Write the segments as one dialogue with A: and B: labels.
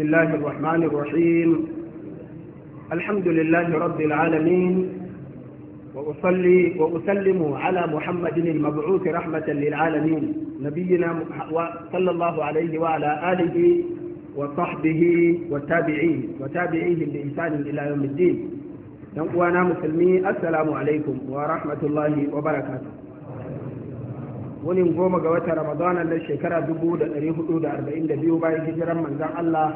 A: بسم الله الرحمن الرحيم الحمد لله رب العالمين وأصلي وأسلم على محمد المبعوث رحمة للعالمين نبينا صلى الله عليه وعلى آله وصحبه والتابعين وتابعيهم بإحسان إلى يوم الدين وأنا مسلمي السلام عليكم ورحمة الله وبركاته wunin goma ga wata ramadana na shekara 442 bayan hijiran manzan Allah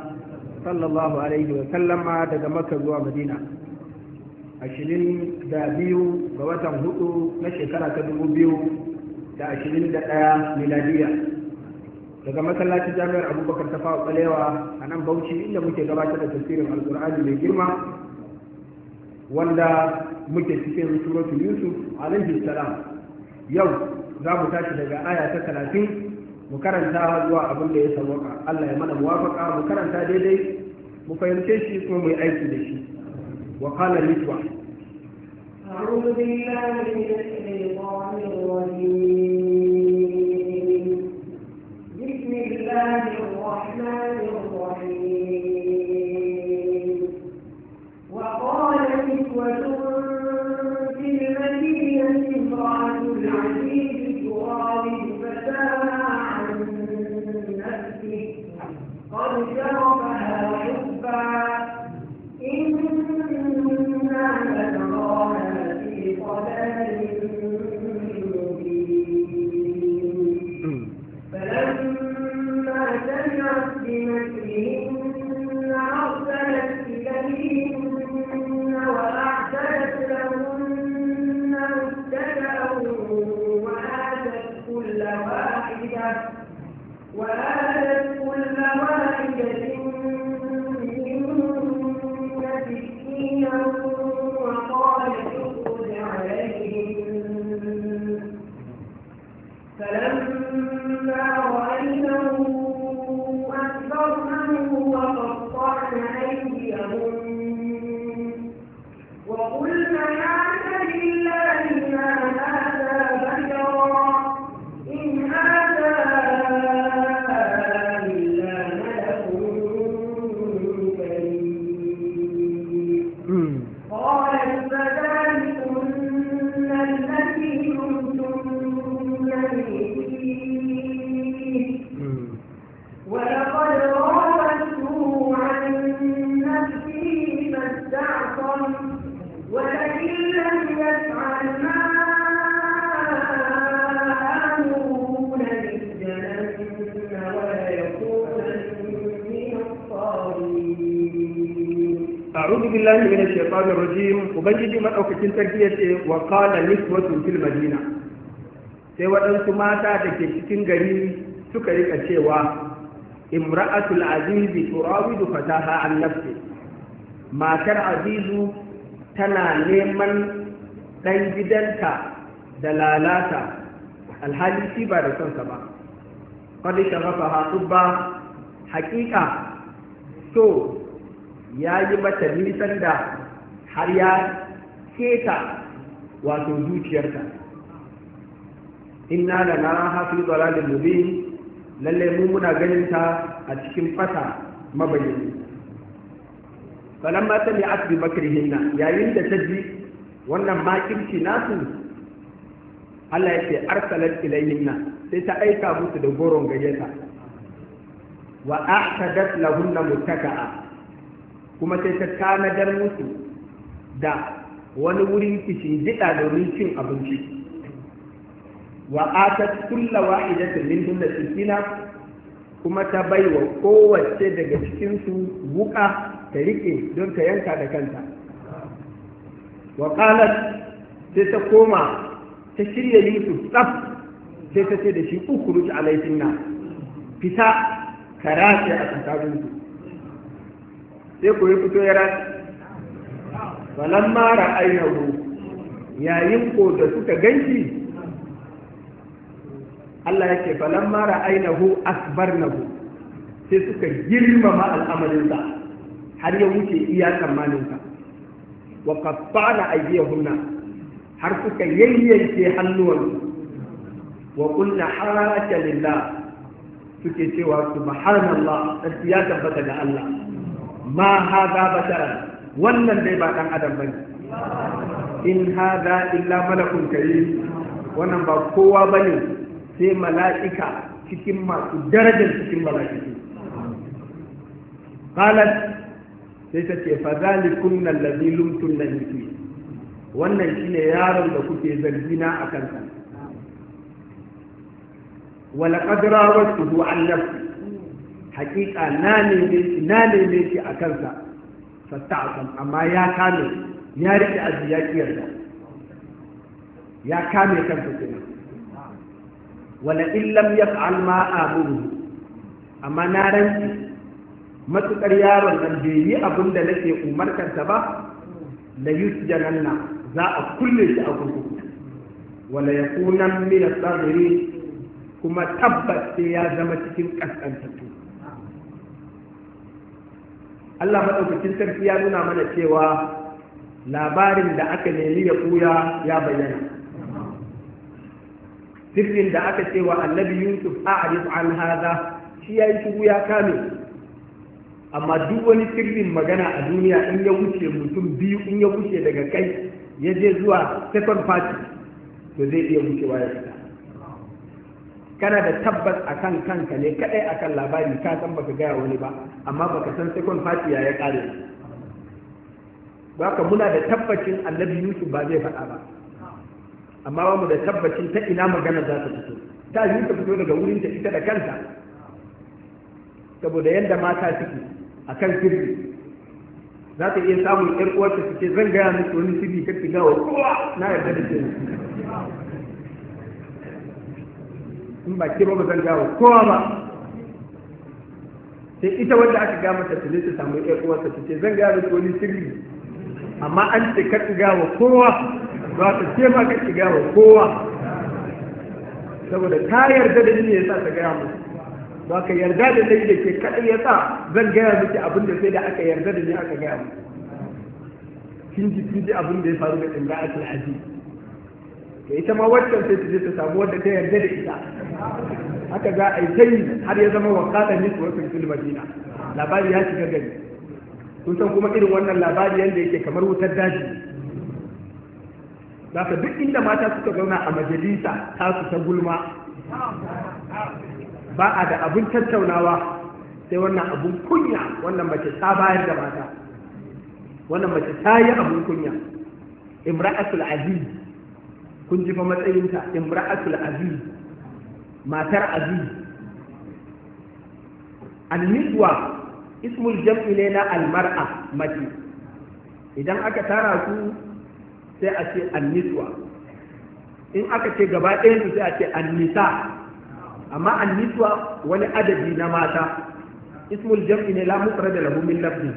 A: sallallahu alaihi wa sallama daga makka zuwa madina ashirin da biyu ga watan hudu na shekara ta dubu biyu da ashirin da ɗaya miladiya daga masallacin jami'ar abubakar ta fawo ɓalewa a nan bauchi inda muke gabatar da tafsirin alkur'ani mai girma wanda muke cikin suratul yusuf alaihi salam yau za mu tashi daga aya ta talatin mu karanta zuwa abin da ya sauka Allah ya mana muwafaka mu karanta daidai mu fahimce shi kuma mu yi aiki da shi wa qala litwa
B: أعوذ بالله من الشيطان الرجيم بسم الله الرحمن الرحيم وقال نسوة في المدينة امرأة العزيز وشرفها وحبا إنا لنراها في ضلال مبين
C: فلما سمعت بمكرهن
B: أرسلت إليهن وأعتدت لهن متكأ وآتت كل واحدة وآتت
A: faƙala nisbatun fil madina sai waɗansu mata da ke cikin gari suka rika cewa imra'atul azizi turawidu fataha an nafsi matar azizu tana neman ɗan gidanta da lalata alhali shi ba da sonsa ba kwalli sharafa haƙubba haƙiƙa so ya yi mata nisan da har ya keta wato zuciyarka inna da na hafi da mubin lalle mu muna ganin ta a cikin fata mabayyani falamma sami'at bi makrihinna yayin da ta ji wannan makirci nasu Allah yake arsalat ilayhinna sai ta aika musu da goron gayyata wa ahtadat lahunna muttaka'a kuma sai ta tanadar musu da wani wurin kishin gida domin cin abinci wa atat kulla wahidatin min hunna sikina kuma ta bai wa kowace daga cikinsu wuka ta riƙe don ta yanka da kanta wa qalat sai ta koma ta shirya yusuf tsaf sai ta ce da shi a laifin na fita ka race a tsakaninku sai ku yi fito ya race falan mara ainihu yayin ko da suka ganshi Allah yake balan mara ainihu asbar nahu sai suka girmama al'amarinsa har ya wuce iya tsammaninsa wa qatta'na aydiyahunna har suka yayyanke hannuwansu wa kullu haraka lillah suke cewa subhanallah tsarki ya tabbata ga Allah ma haza basharan wannan dai ba ɗan adam bane in hada illa malakun karim wannan ba kowa bane sai mala'ika cikin masu darajar cikin malaiki qalat sai ta ce fa zalikum allazi lumtunna fi wannan shine yaron da kuke zargina a kansa wala qad su an nafsi Hakika na ne ne shi a kansa a amma ya kame ya rike aji ya kiyarta ya kame su kenan wala in lam yaf'al ma amuru amma na ranci matukar yaron nan bai yi abin da nake ta ba la yusjananna za a kulle shi a kurkuku wala kunan min as kuma tabbas sai ya zama cikin kaskantattu Allah madaukakin sarki ya nuna mana cewa labarin da aka nemi ya ɓuya ya bayyana sirrin da aka cewa annabi yusuf a'rif an hada shi yayi shigo ya kame amma duk wani sirrin magana a duniya in ya wuce mutum biyu in ya wuce daga kai ya je zuwa second party to zai iya wucewa ya fita kana da tabbas akan kanka ne kadai kan labari ka san baka gaya wani ba amma baka san kun fati ya ya kare baka muna da tabbacin annabi yusuf ba zai faɗa ba amma ba mu da tabbacin ta ina magana za ta fito ta yi ta fito daga wurin ta ita da kanta saboda yadda mata suke a kan sirri za ta iya samun yar uwarta suke zan gaya musu wani sirri ka ki gawa kowa na yarda da ke in ba ke ba ba zan gawo kowa ba sai ita wanda aka ga mata ta ta samu ƴar uwarsa ta ce zan gawo mata wani sirri amma an ce kar ki gawo kowa ba ta ce ma kar ki gawo kowa saboda ta yarda da ni ya sa ta gaya musu ba ka yarda da ni da ke kaɗai ya sa zan gaya miki abin da sai da aka yarda da ni aka gaya musu kin ji kin ji abin da ya faru da imra'atul aziz Mai ita ma waccan sai ta je ta samu wadda ta yarda da ita haka za a yi sai har ya zama wakatan ne su wasu fil madina labari ya shiga gari kun san kuma irin wannan labari yadda yake kamar wutar daji za ka duk inda mata suka zauna a majalisa ta su ta gulma ba a da abin tattaunawa sai wannan abun kunya wannan mace ta bayar da mata wannan mace ta yi abun kunya imra'atul aziz kun ji fa matsayinta imra'atul aziz matar aziz al-midwa ismul jam'i ne na al-mar'a mace idan aka tara su sai a ce al-midwa in aka ce gaba ɗayan su sai a ce al-nisa amma al-midwa wani adadi na mata ismul jam'i ne la mufrada lahu min lafzihi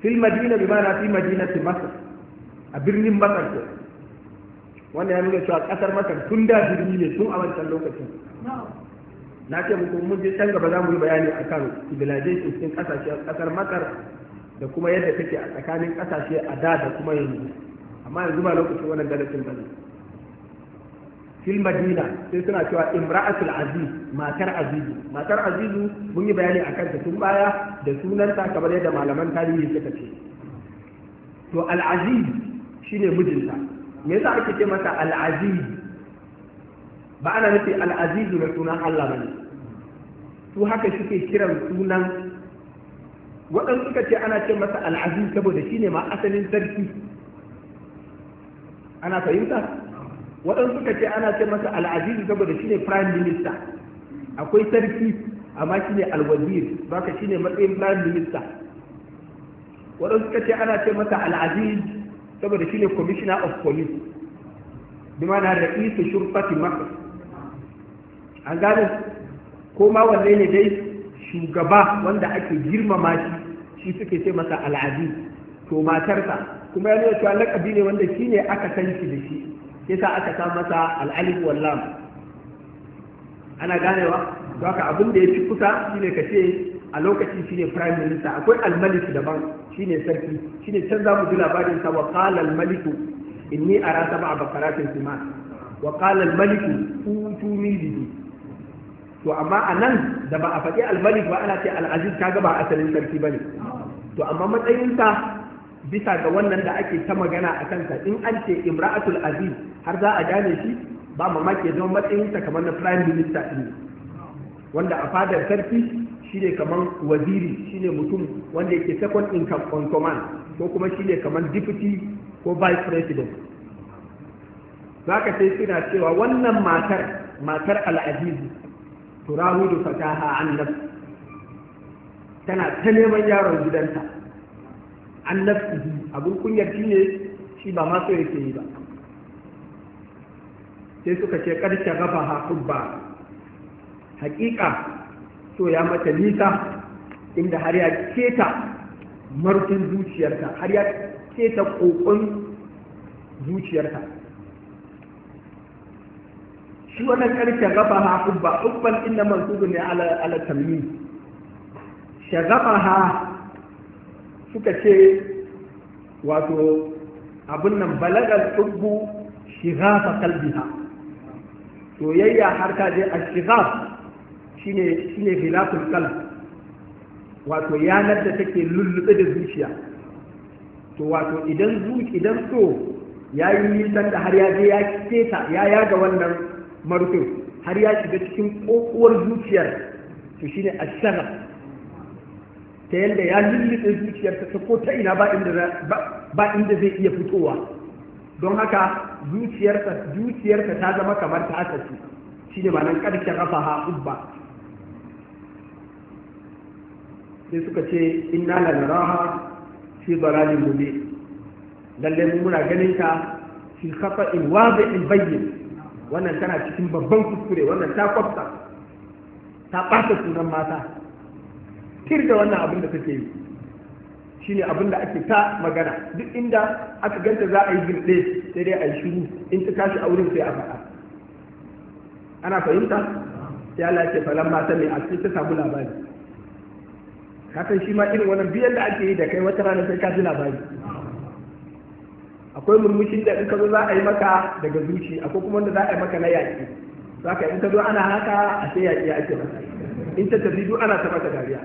A: fil madina bi na fi madinati masr a birnin masar wannan ya nuna cewa kasar masar tun da jirgi ne tun a wancan lokacin na ce muku mun je can gaba za mu yi bayani a kan civilization cikin kasashe kasar masar da kuma yadda take a tsakanin kasashe a da da kuma yanzu amma yanzu ba lokacin wannan darasin ba ne fil sai suna cewa imra'atul aziz matar azizu matar azizu mun yi bayani a kanta tun baya da sunanta kamar yadda malaman tarihi suka ce to al aziz shine mijinta me yasa ake ce masa al-aziz ba ana nufin al-aziz da sunan Allah ba su haka suke kiran sunan waɗansu suka ce ana ce masa al-aziz saboda shine ma asalin sarki ana fahimta waɗansu suka ce ana ce masa al-aziz saboda shine prime minister akwai sarki amma shine al-wazir baka shine matsayin prime minister waɗansu suka ce ana ce masa al-aziz saboda shi ne commissioner of police bi na da isa shurfati maka an gane ko ma wanne ne dai shugaba wanda ake girmama shi shi suke ce masa al'adu to matarsa kuma ya nuna cewa lakabi ne wanda shi ne aka san shi da shi yasa aka sa masa al'alif wallam ana ganewa to haka abin da ya fi kusa shi ne ka ce a lokacin shine prime minister akwai almalik daban shine sarki shine can zamu ji labarin sa wa qala almalik inni ara sab'a bakaratin sima wa qala almalik utuni bihi to amma anan da ba a faɗi almalik ba ana ce al'aziz kaga ba asalin sarki bane to amma matsayin sa bisa ga wannan da ake ta magana a kansa in an ce imra'atul aziz har za a gane shi ba mamaki ya zama sa kamar na prime minister wanda a fadar sarki shine kaman waziri shine mutum wanda yake second in on command ko kuma shine kaman deputy ko vice president zaka sai suna cewa wannan matar matar al'azizi turahudu fataha an tana ta neman yaron gidanta an nafsi abin kunyar shi ne shi ba maso yake yi ba sai suka ce ƙarshen rafa haƙubba ba Haƙiƙa. so ya mata nisa inda har ya keta marfin zuciyarta har ya keta kokon zuciyarta shi wannan karshen gafa ha kubba kubban inda mansubu ne ala tammi shagafa ha suka ce wato abin nan balagar gafa kalbi ha soyayya har ta je a gafa shine shine filafin kala. wato yanar da take lullube da zuciya to wato idan zuci idan so ya yi nisan da har ya je ya keta ya yaga wannan marufin har ya shiga cikin kokuwar zuciyar to shine ashara ta yadda ya lullube zuciyarta ta ko ta ina ba inda zai iya fitowa don haka zuciyarsa zuciyarsa ta zama kamar ta asasi shine ma'anar karshen rafaha ubba sai suka ce inna la naraha fi dalalin mubi lalle mun muna ganin ta fi khata'in wadi'in bayyin wannan tana cikin babban kuskure wannan ta kwafta ta ɓata sunan mata tir da wannan abin da take yi shine abin da ake ta magana duk inda aka ganta za a yi girɗe sai dai a yi shiru in ta tashi auren sai a faɗa ana fahimta ya lafiya falon mata mai a ta samu labari kasan shi ma irin wannan biyan da ake yi da kai wata rana sai ka ji labari akwai murmushin da in ka zo za a yi maka daga zuci akwai kuma wanda za a yi maka na yaƙi za ka in ka zo ana haka a sai yaƙi ake maka in ta tafi duk ana ta maka dariya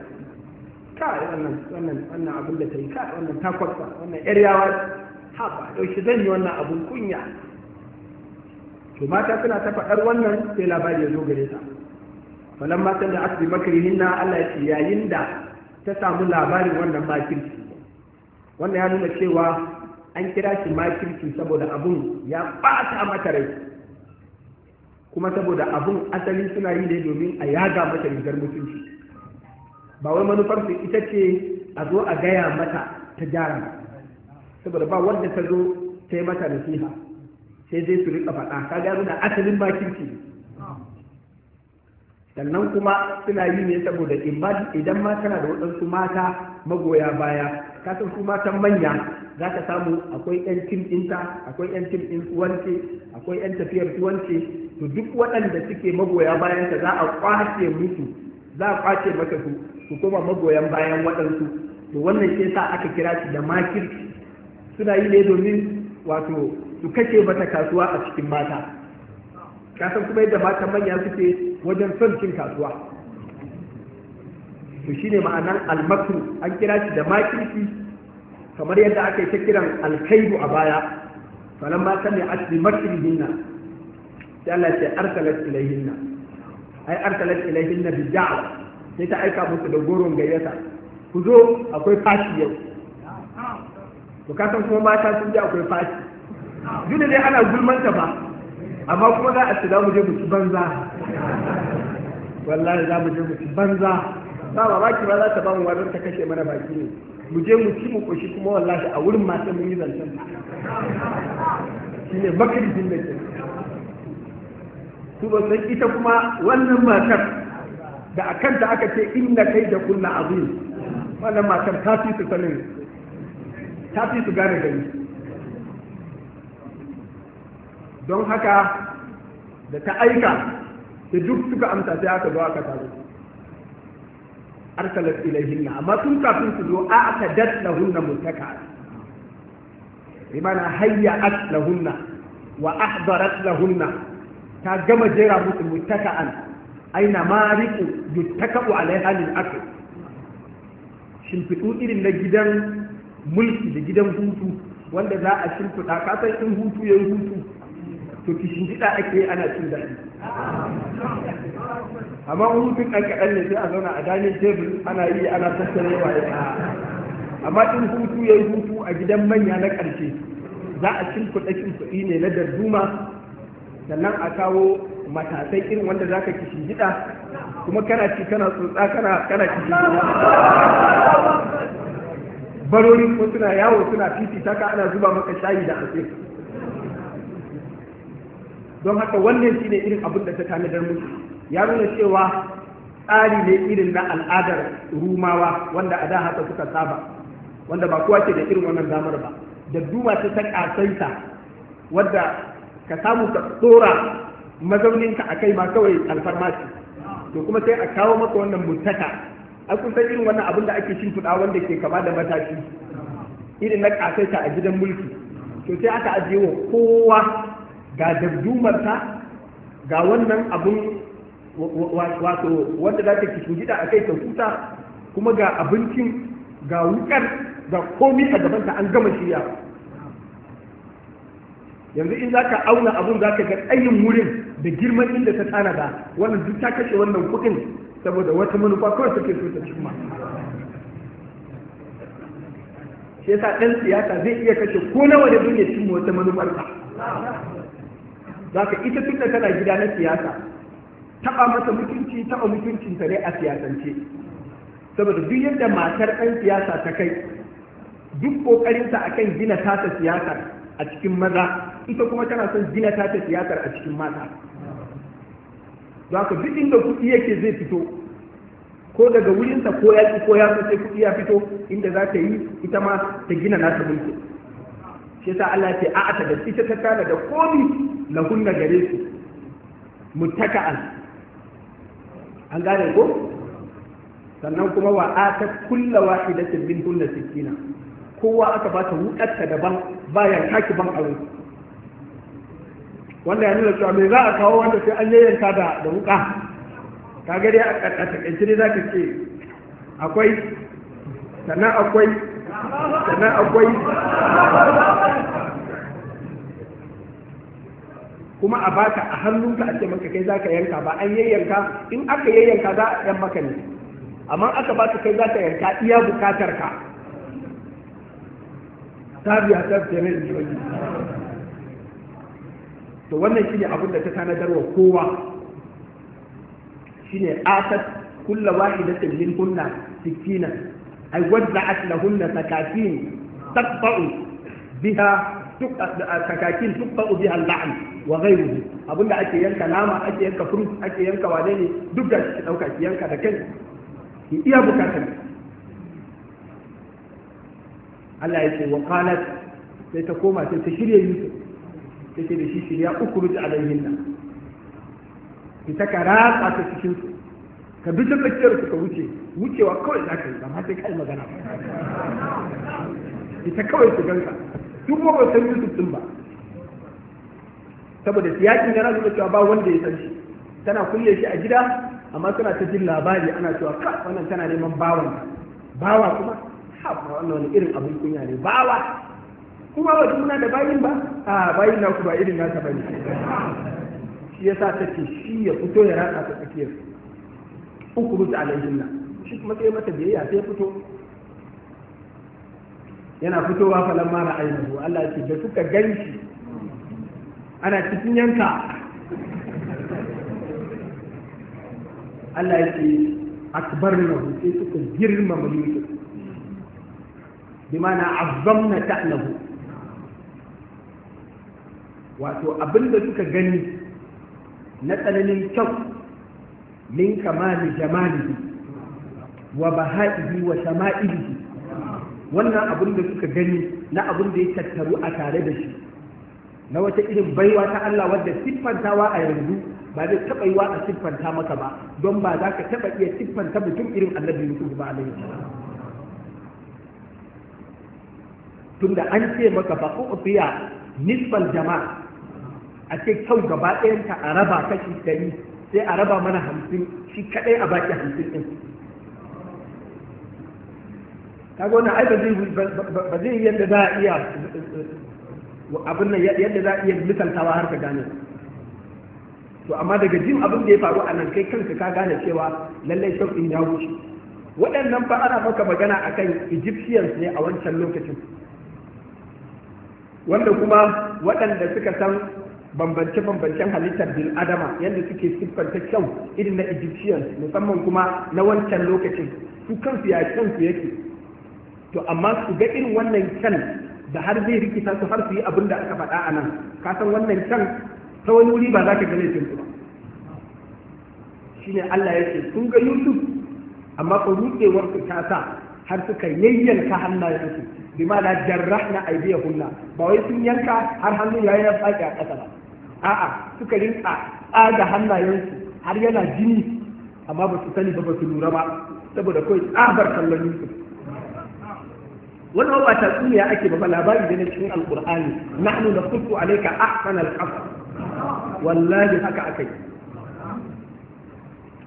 A: ka wannan wannan wannan abin da ta yi ka wannan takwasa wannan yaryawa ha ba ɗauki zan yi wannan abun kunya to mata suna ta faɗar wannan sai labari ya zo gare ta falamma sanda asbi makrihinna Allah ya ce yayin da ta samu labarin wannan makirci wannan ya nuna cewa an kira shi makirci saboda abun ya ɓata mata rai kuma saboda abun asali suna yi ne domin a yaga mata rigar mutunci ba wai manufar su ita ce a zo a gaya mata ta gyara saboda ba wanda ta zo ta yi mata nasiha sai zai su riƙa faɗa ka gano da asalin makirci sannan kuma suna yi ne saboda idan ma kana da waɗansu mata magoya baya kasan su matan manya za ka samu akwai 'yan tim ɗinta akwai 'yan tim ɗin tuwance akwai 'yan tafiyar tuwance to duk waɗanda suke magoya bayan ka za a kwace musu za a kwace maka su su koma magoyan bayan waɗansu to wannan ke sa aka kira shi da makir suna yi ne domin wato su kashe mata kasuwa a cikin mata kasan kuma yadda matan manya suke wajen son cin kasuwa to ne ma'anar almakru an kira shi da makirki kamar yadda aka yi ta kiran alkaidu a baya a cikin makirin hinna sai Allah ya arsalat hinna ai arsalat hinna bi ja'a sai ta aika musu da goron gayyata ku zo akwai fashi yau to ka san kuma mata sun ji akwai fashi duk dai ana gulmanta ba amma kuma za a ci mu je mu ci banza wallahi za mu je mu ci banza ba ba baki ba za ta ba mu wadon ta kashe mana baki ne mu je mu ci mu koshi kuma wallahi a wurin ma mun yi zancen shi ne makarfin da ke su ba san ita kuma wannan matar da a kanta aka ce inna kai da kunna azim wannan matar ta fi su sanin ta fi su gane gani don haka da ta aika ta duk suka amsa sai aka zo aka taru arsalat na amma tun kafin su zo a aka dat hunna mutaka bi mana hayya'at lahunna wa ahdarat lahunna ta gama jera musu an, aina mariku yuttaka'u alaiha lil akl shimfiɗu irin na gidan mulki da gidan hutu wanda za a shimfiɗa kasan in hutu ya hutu to kishin gida ake ana cin daɗi amma hutun ɗan kaɗan ne sai a zauna a dining table ana yi ana tattare wa amma in hutu ya yi hutu a gidan manya na ƙarshe za a cin kuɗaɗin kuɗi ne na darduma sannan a kawo matasai irin wanda za ka kishin gida kuma kana ci kana tsotsa kana kana ci gida barorin ko suna yawo suna fifita ka ana zuba maka shayi da asiri don haka wannan shine irin abin da ta tanadar musu ya nuna cewa tsari ne irin na al'adar rumawa wanda a da haka suka saba wanda ba kowa ke da irin wannan damar ba da duba ta takasanta wadda ka samu ka tsora mazauninka a kai ma kawai alfarmaci to kuma sai a kawo maka wannan mutaka a kun san irin wannan abin da ake shimfiɗa wanda ke kama da matashi irin na kasaita a gidan mulki to sai aka ajiye wa kowa ga dabdumarta ga wannan abun wato wanda za ta kishin gida a kai ta huta kuma ga abincin ga wukar ga komi a gabanta an gama shirya yanzu in za ka auna abun za ka ga tsayin wurin da girman inda ta da wannan duk ta kashe wannan kuɗin saboda wata manufa kawai ke so ta cimma shi yasa ɗan siyasa zai iya kashe ko nawa da duniya cimma wata manufarsa zaka ita tunda tana gida na siyasa taɓa masa mutunci taba mutuncinta ta ne a siyasance saboda duk yadda matar ɗan siyasa ta kai duk ƙoƙarinta akan gina tata siyasar a cikin maza ita kuma tana son gina tata siyasar a cikin mata za ka duk inda kuɗi yake zai fito ko daga wurinsa ko ya ko ya sai kuɗi ya fito inda za ta yi ita ma ta gina nata mulki shi yasa Allah ce a ta da ita ta tana da komi na hunna gare su muttaka'an an gane ko sannan kuma wa a ta kulla wahidatin min hunna sittina kowa aka ba ta wukarta daban bayan taki ban aure wanda ya nuna cewa me za a kawo wanda sai an yayyanka da da wuka ka gari a takaice ne za ka ce akwai sannan akwai na akwai kuma a baka a hannunka a ce maka kai za ka yanka ba an yayyanka in aka yayyanka za a yan maka ne amma aka baka kai za ka yanka iya bukatar ka ta biya ta fiye to wannan shine abin da ta tanadar wa kowa shine asat kulla wahidatin min kunna sikina ai wadda'at lahunna sakatin taqta'u biha kakakin tukka ubi la'an wa ghairuhu abinda ake yanka nama ake yanka fruit ake yanka wane ne duk da ki dauka ki yanka da kai ki iya bukatar Allah ya ce wa qalat sai ta koma ta da shi shirya ki ta karata ta cikin ka bi ta tsakiyar ka wuce wucewa kawai za ka yi ba ma sai kai magana ba ita kawai su ganka duk ba ba san Yusuf din ba saboda siyakin yana nuna cewa ba wanda ya san shi tana kulle shi a gida amma suna ta jin labari ana cewa ka wannan tana neman bawan bawa kuma ha wannan wani irin abin kunya ne bawa kuma ba muna da bayin ba a bayin na ku ba irin nasa bane shi yasa ta ce shi ya fito ya rasa ta tsakiyar ukhruj alayhinna shi kuma sai mata biyayya sai fito yana fitowa falon mara ainihu Allah ce da suka shi ana cikin yanka Allah ya ce akbar na sai suka girmama Yusuf bi mana azzamna ta'lahu wato abinda suka gani na tsananin kyau min kamali jamalihi wa baha'ihi wa shama'ihi wannan abin da suka gani na abin da ya tattaru a tare da shi na wata irin baiwa ta Allah wadda siffantawa a yanzu ba zai taɓa yiwa a siffanta maka ba don ba za ka taɓa iya siffanta mutum irin annabi Yusuf ba Tun tunda an ce maka ba ku fiya nisbal jama'a a ce kau gaba ɗayanta a raba kashi ɗari sai a raba mana hamsin shi kadai a baki hamsin din Ta gona ai ba zai yadda za a iya eh, eh, eh, abin nan yadda za a iya misaltawa har ka gane to amma daga jin abin da ya faru a nan kai kanka ka gane cewa lallai shafin ya wuce waɗannan ba ana maka magana a kan egyptians ne a wancan lokacin wanda kuma waɗanda suka san bambance-bambancen halittar bil adama yadda suke siffanta kyau irin na egyptians musamman kuma na wancan lokacin su kansu ya kansu yake to amma su ga irin wannan kyan da har zai rikita su har su yi abin da aka faɗa a nan ka san wannan kyan ta wani wuri ba za ka gane su ba shine Allah ya ce sun ga Yusuf amma ko nuke su ta sa har suka yayyanka hannayensu bi ma la jarrahna aydiyahunna ba wai sun yanka har ya yi ya faki a ƙasa ba a'a suka rinka tsaga hannayensu har yana jini amma ba su sani ba ba su lura ba saboda kawai tsabar kallon Yusuf wannan wata tatsuniya ake ba labari da ne cikin alqur'ani nahnu naqulu alayka ahsana alqasas wallahi haka akai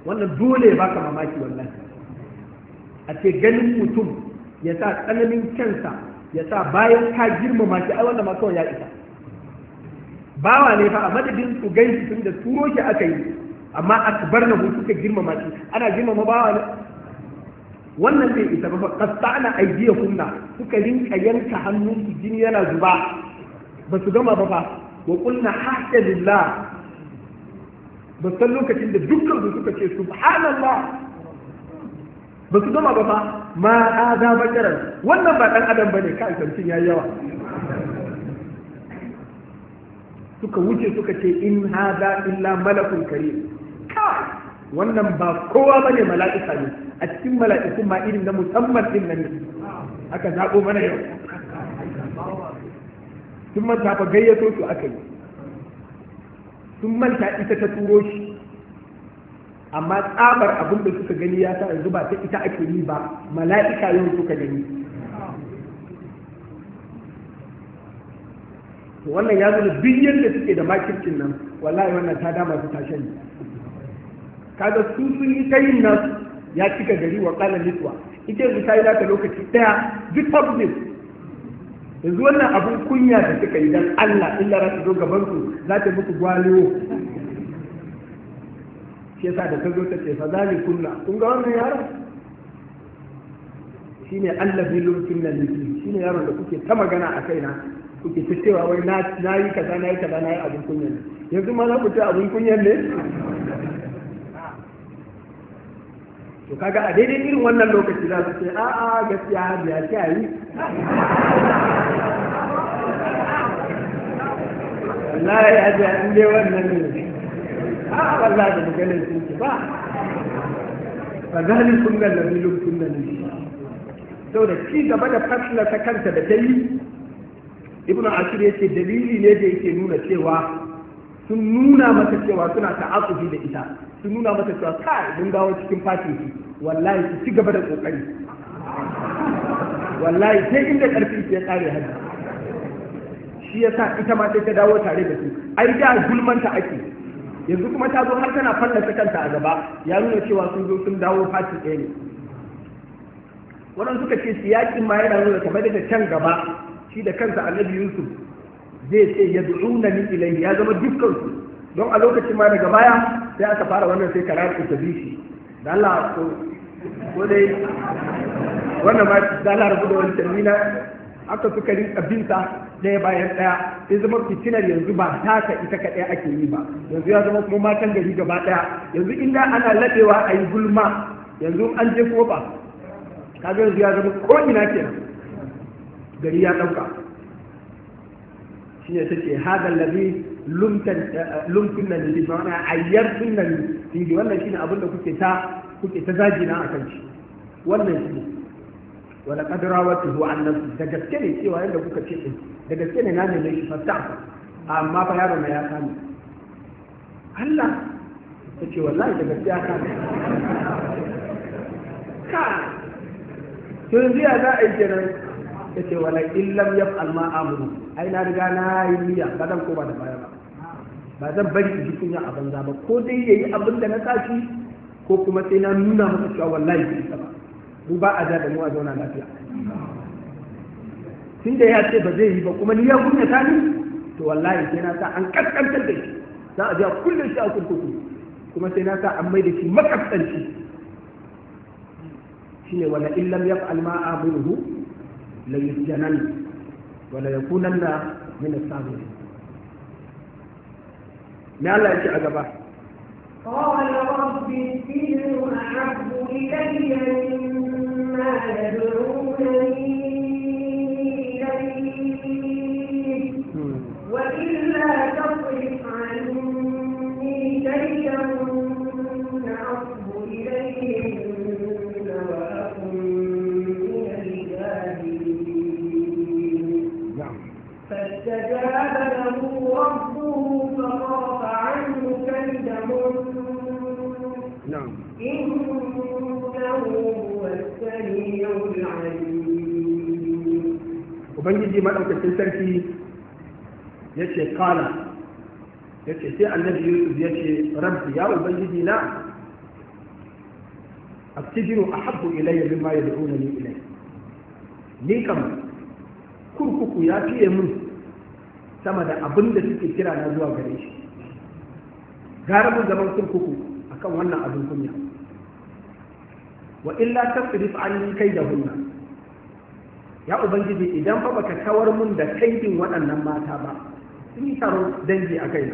A: wannan dole ba ka mamaki wallahi a ce ganin mutum ya sa tsananin kansa ya sa bayan ka girmama shi ai wannan ma kawai ya isa bawa ne fa a madadin su gaisu tun da turo shi aka yi amma akbar na hutu suka girmama shi ana girmama bawa ne wannan bai isa ba kasta ana aidiya kunna suka rinka yanka hannun su jini yana zuba ba su gama ba fa wa kunna hasha lillah ba san lokacin da dukkan su suka ce subhanallah ba su gama ba fa ma aza bakaran wannan ba dan adam bane kai tantin yayi yawa suka wuce suka ce in hada illa malakul kare. kai wannan ba kowa ba ne mala'ika ne a cikin mala'ikun ma irin na musamman din nan aka zaɓo mana yau sun manta ba gayyato su aka yi sun manta ita ta turo shi amma tsabar abin da suka gani ya sa yanzu ba ta ita ake yi ba mala'ika yau suka gani to wannan ya zama duk yadda suke da makircin nan wallahi wannan ta dama su tashen ne kaga su sun yi ta yin nan ya cika gari wa kala litwa ita yanzu ta yi nata lokaci daya duk tabbis yanzu wannan abun kunya da suka yi dan Allah illa za su zo gaban su za ta muku gwaliyo shi yasa da ta zo ta ce fa kunna. kun ga wannan yaron shine bi lumkin nan Shi shine yaron da kuke ta magana a kaina kuke ta cewa wai na yi kaza na yi kaza na yi abin kunya ne yanzu ma na kuta abin kunyar ne to kaga a daidai irin wannan lokaci za su ce a a gaskiya ya ta yi wallahi ya ji an dai wannan ne a wallahi da maganar sun ci ba ba zalin kun ga labilun kun da ne saboda ci gaba da fasila ta kanta da ta yi ibnu asir ce dalili ne da yake nuna cewa sun nuna mata cewa suna ta'asufi da ita sun nuna mata cewa kai mun dawo cikin fatin ki wallahi ki ci gaba da kokari wallahi sai inda karfin ki ya tsare haka shi yasa ita ma sai ta dawo tare da su ai da gulmanta ake yanzu kuma ta zo har tana fallasa kanta a gaba ya nuna cewa sun zo sun dawo fatin ɗaya ne waɗansu suka ce siyakin ma yana nuna kamar da can gaba shi da kansa annabi yusuf zai ce ya du'una ni ilayhi ya zama dukkan su don a lokacin ma daga baya sai aka fara wannan sai karar utabishi da Allah ko ko dai wannan ma da Allah rubu da wani tarmina aka suka rin rinka binta ɗaya bayan daya sai zama fitinar yanzu ba taka ita kaɗai ake yi ba yanzu ya zama kuma matan gari gaba daya yanzu inda ana laɗewa a yi gulma yanzu an je kofa kaga yanzu ya zama ko ina kenan gari ya ɗauka shi ne take haɗa labi lumfin eh, nan da ma'ana ayyar sun nan fili wannan shi ne abin da kuke ta kuke ta zaji na akan shi wannan shi ne wala kadarawa ta zuwa annan da gaske ne cewa yadda kuka ce ɗin da gaske ne na ne neme shi fasta amma fa yaron na ya samu Allah ta ce wallahi da gaske ya samu ka to yanzu ya za a yi kenan yace wala illam yaf'al alma amuru ai na riga na yi niyya ba zan koma da baya ba ba zan bari in ji kunya a banza ba ko dai yayi abin da na tashi ko kuma sai na nuna masa cewa wallahi bai ba mu ba a da mu a zauna lafiya tunda ya ce ba zai yi ba kuma ni ya kunya ta ni to wallahi sai na sa an kaskantar da shi za a ja kullum shi a kurkuku kuma sai na sa an mai da shi makaskanci shine wala illam yaf'al ma la yusjanan wa la yakunanna min as-sabirin me Allah a gaba
C: قال
B: رب اسقني
A: ubangiji maɗaukacin sarki ya ce kala ya ce sai annabi yusuf ya ce rabbi ya ubangiji na asijinu ahabbu ilayya mimma yad'unani ni kam kurkuku ya fiye mun sama da abin da suke kira na zuwa gare shi gara mun zaman kurkuku akan wannan abin kunya wa illa tasrif anni kai da ya ubangiji idan fa baka kawar mun da kaidin waɗannan mata ba sun yi taron dangi a kai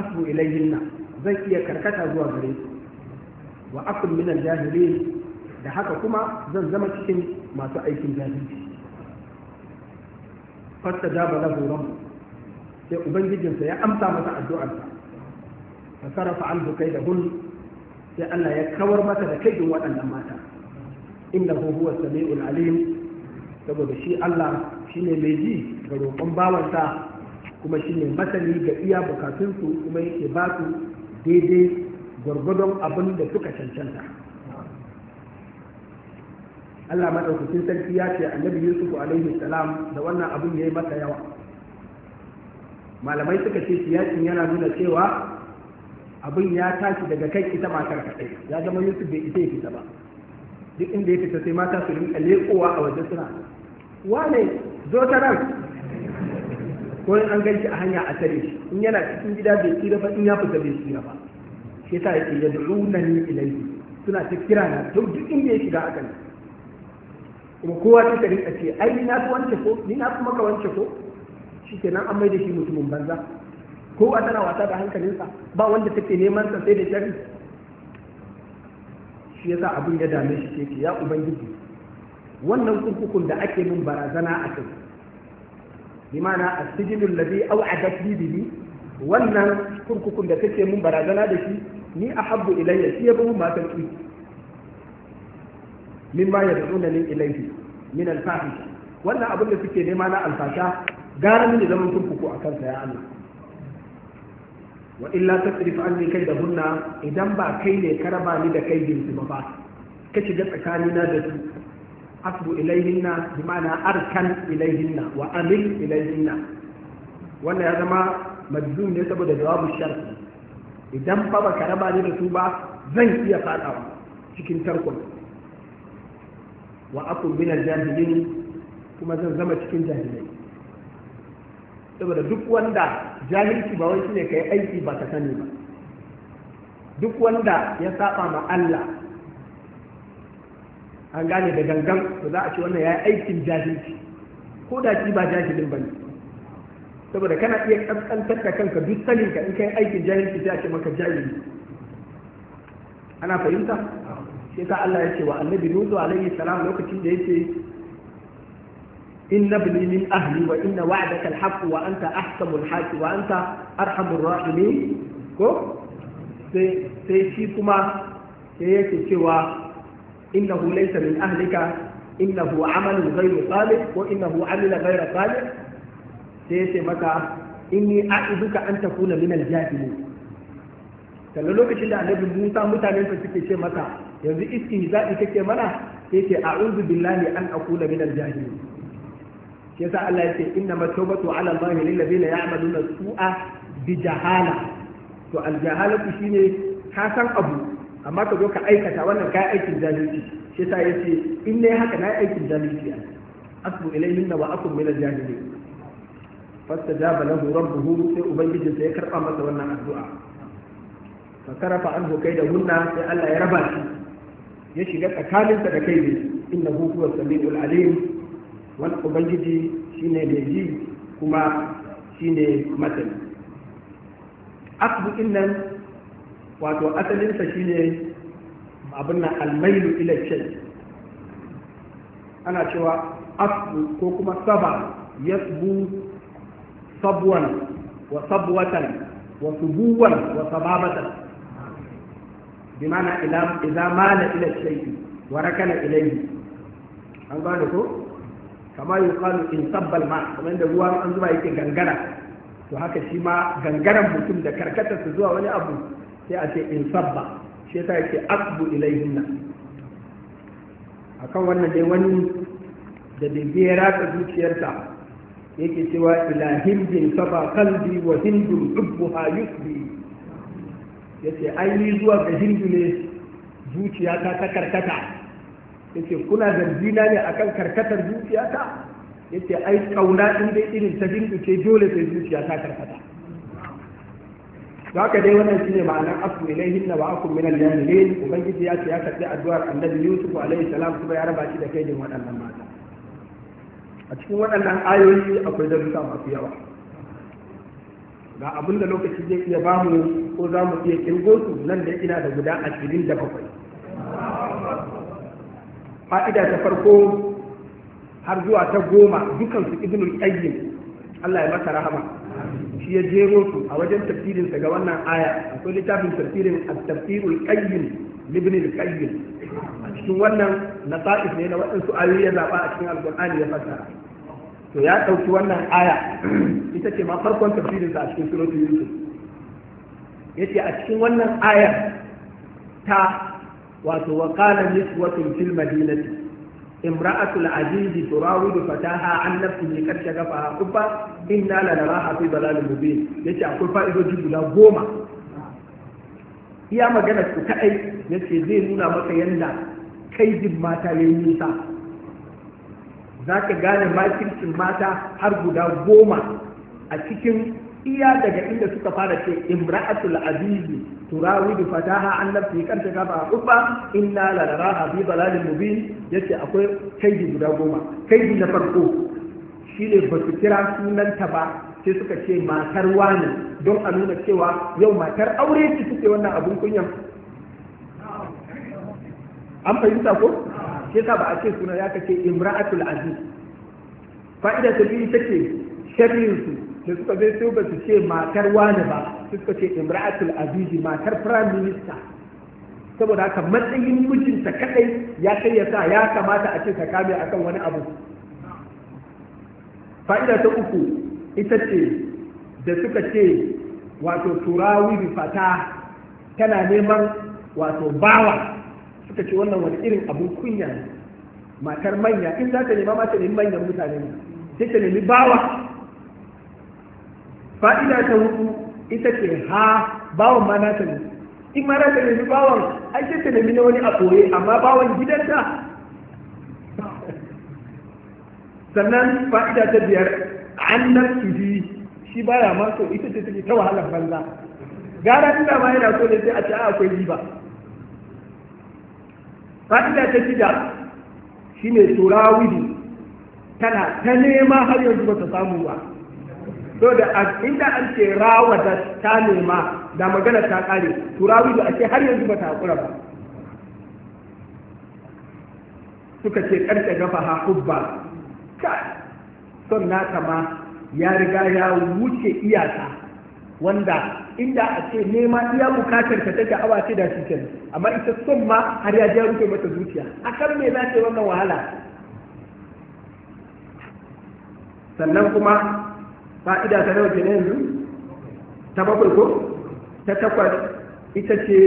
A: asbu ilayhinna zan iya karkata zuwa gare su wa akul min aljahilin da haka kuma zan zama cikin masu aikin jahilci fasta jaba lahu rabbu sai ubangijinsa ya amsa masa addu'arsa fa sarafa da kaidahun sai Allah ya kawar mata da kaidin waɗannan mata innahu huwa samiul alim saboda shi Allah shi ne mai ji ga roƙon bawansa kuma shi ne masani ga iya bukatunsu kuma yake ba su daidai gwargwadon abin da suka cancanta Allah maɗaukacin sarki ya ce annabi Yusuf alaihi salam da wannan abin ya yi masa yawa malamai suka ce siyasin yana nuna cewa abin ya tashi daga kai ita matar kaɗai ya zama Yusuf bai ita ya fita ba duk inda ya fita sai mata su rinka leƙowa a waje suna wane zo ta nan ko an ganci a hanya a tare shi in yana cikin gida bai tsira ba in ya fita bai tsira ba shi yasa yake ni ilai suna ta kira na to duk inda ya shiga akan kuma kowa ta a ce ai ni na fi wance ko ni na fi maka wance ko shi kenan an mai da shi mutumin banza kowa tana wasa da hankalinsa ba wanda take neman sa sai da shari shi yasa abin ya dame shi ke ya ubangiji wannan kurkukun da ake min barazana a kai bimana asijinul ladhi au'adat li bihi wannan kurkukun da take mun barazana da shi ni a ahabbu ilayya shi yabi mun matan ki min ma yad'una ni ilayhi min al-fahisha wannan abin da suke nema na alfasha gara mini zaman kurkuku a kansa ya Allah wa illa tasrif anni kai da hunna idan ba kai ne karaba ni da kai bin su ba ka shiga tsakanina da su asbu ilaihinna bi ma'ana arkan ilaihinna wa amil ilaihinna wannan ya zama majzum ne saboda jawabu sharfi idan ba baka raba ni da su ba zan iya fadawa cikin tarkon wa aku min aljahilin kuma zan zama cikin jahilai saboda duk wanda jahilci ba wai shine kai aiki ba ka sani ba duk wanda ya saba ma Allah an gane da gangan to za a ce wannan ya yi aikin jahilci ko da shi ba jahilin ba ne saboda kana iya kaskantar da kanka duk saninka in ka yi aikin jahilci sai a ce maka jahili ana fahimta sai ta Allah ya ce wa annabi Nuhu alaihi salam lokacin da yake inna ibni min ahli wa inna wa'daka al-haqq wa anta ahkamul haqq wa anta arhamur rahimin ko sai sai shi kuma sai yake cewa إنه ليس من أهلك إنه عمل غير صالح وإنه عمل غير صالح سيتي متى إني أعذك أن تكون من الجاهلين kalli lokacin da annabi Musa mutanen sa suke ce mata yanzu istihza'i kake mana yake a'udhu billahi an aqula min al-jahilin shi yasa Allah yake inna matawbatu ala Allah lil ladina ya'maluna su'a bi jahala to al-jahalatu shine ka san abu amma ka zo ka aikata wannan ka aikin jahilci shi ya ce in ne haka yi aikin jahilci asbu ilayhinna wa milar jahilci fasta jahilin fastajaba lahu buhu sai ubangijinsa ya karɓa masa wannan addu'a fa karafa anhu da hunna sai Allah ya raba shi ya shiga tsakaninsa da kai ne inda huwa samiul alim wani ubangiji shine mai ji kuma shine masani asbu innan wato asalinsa shine abin na almailu ila shay ana cewa asbu ko kuma saba yasbu sabwan wa sabwatan wa subuwan wa sababatan bimana ila idan mala ila shay wa rakana ilayhi an gane ko kama yuqalu in sabbal ma kamar da ruwan an zuba yake gangara to haka shi ma gangaran mutum da su zuwa wani abu sai a ce in sabba shi yasa yake asbu ilaihinna akan wannan dai wani da bege ya ratsa zuciyarsa yake cewa ilahim bin saba kalbi wa hindun ha yusbi yace ai ni zuwa ga hindu ne zuciya ta ta karkata yace kuna zargina ne akan karkatar zuciya ta yace ai kauna in dai irin ta hindu ce dole sai zuciya ta karkata za ka dai wannan shine ma'anar afu ilaihin na ba'akum min al-jahilin ubangiji ya ce ya karbi addu'ar annabi yusuf alaihi salam kuma ya raba shi da kai waɗannan mata a cikin waɗannan ayoyi akwai darussa masu yawa ga abin da lokaci zai iya ba mu ko za mu iya kirgo su nan da ina da guda ashirin da bakwai fa'ida ta farko har zuwa ta goma dukansu ibnul qayyim Allah ya masa rahama shi ya jero su a wajen tafsirin sa ga wannan aya akwai littafin tafsirin at-tafsirul qayyim ibn al-qayyim a cikin wannan nasa'is ne na waɗansu ayoyi ya zaba a cikin alqur'ani ya fassara to ya ɗauki wannan aya ita ce ma farkon tafsirin sa a cikin suratul yusuf yace a cikin wannan aya ta wato wa qala niswatun fil madinati imra'atul aziz da fataha an nafsihi kad shagafaha kubba inna lanaraha fi dalalin mubin yace akwai fa'idoji guda goma iya magana ku kadai yace zai nuna maka yanda kaidin mata yayin nisa zaka gane makircin mata har guda goma a cikin iya daga inda suka fara ce imra'atul azizi turawidu fataha an nafsi kan Kafa, gaba uba inna la raha bi dalalin mubin yace akwai kaidi guda goma kaidi na farko shine ba su kira sunanta ba sai suka ce matar wani don a nuna cewa yau matar aure ce suke wannan abun kunyan an fahimta ko sai ka ba a ce suna ya kace imra'atul aziz fa'ida ta biyu take sharrin sai suka zai su ba su ce matar wani ba suka ce imra'atul azizi matar prime minister saboda haka matsayin mijinta kadai ya kai ya sa ya kamata a ce ta a akan wani abu fa'ida ta uku ita ce da suka ce wato turawi fata tana neman wato bawa suka ce wannan wani irin abun kunya ne matar manya in za ta nema ma ta nemi manyan mutane ne sai ta nemi bawa fa'ida ta hudu ita ce ha bawan ma nata ne in ma nata ne bawan an ce ta nemi na wani a koye amma bawan gidanta sannan fa'ida ta biyar an nafsihi shi baya ma so ita ce take ta wahalar banza gara ina ma yana so ne sai a ce ah, akwai riba fa'ida ta shida tura wuri, tana ta nema har yanzu ba ta samu ba so da inda an ce rawa da ta nema da magana ta kare turawi da ake har yanzu ba ta hakura ba suka ce karka gafa ha hubba son nata ma ya riga ya wuce iyaka wanda inda a ce nema iya bukatar ka take awa ce da shi kenan amma ita son ma har ya ja rufe mata zuciya akan me za ta yi wannan wahala sannan kuma fa'ida ta nawa kenan yanzu ta bakwai ko ta takwas ita ce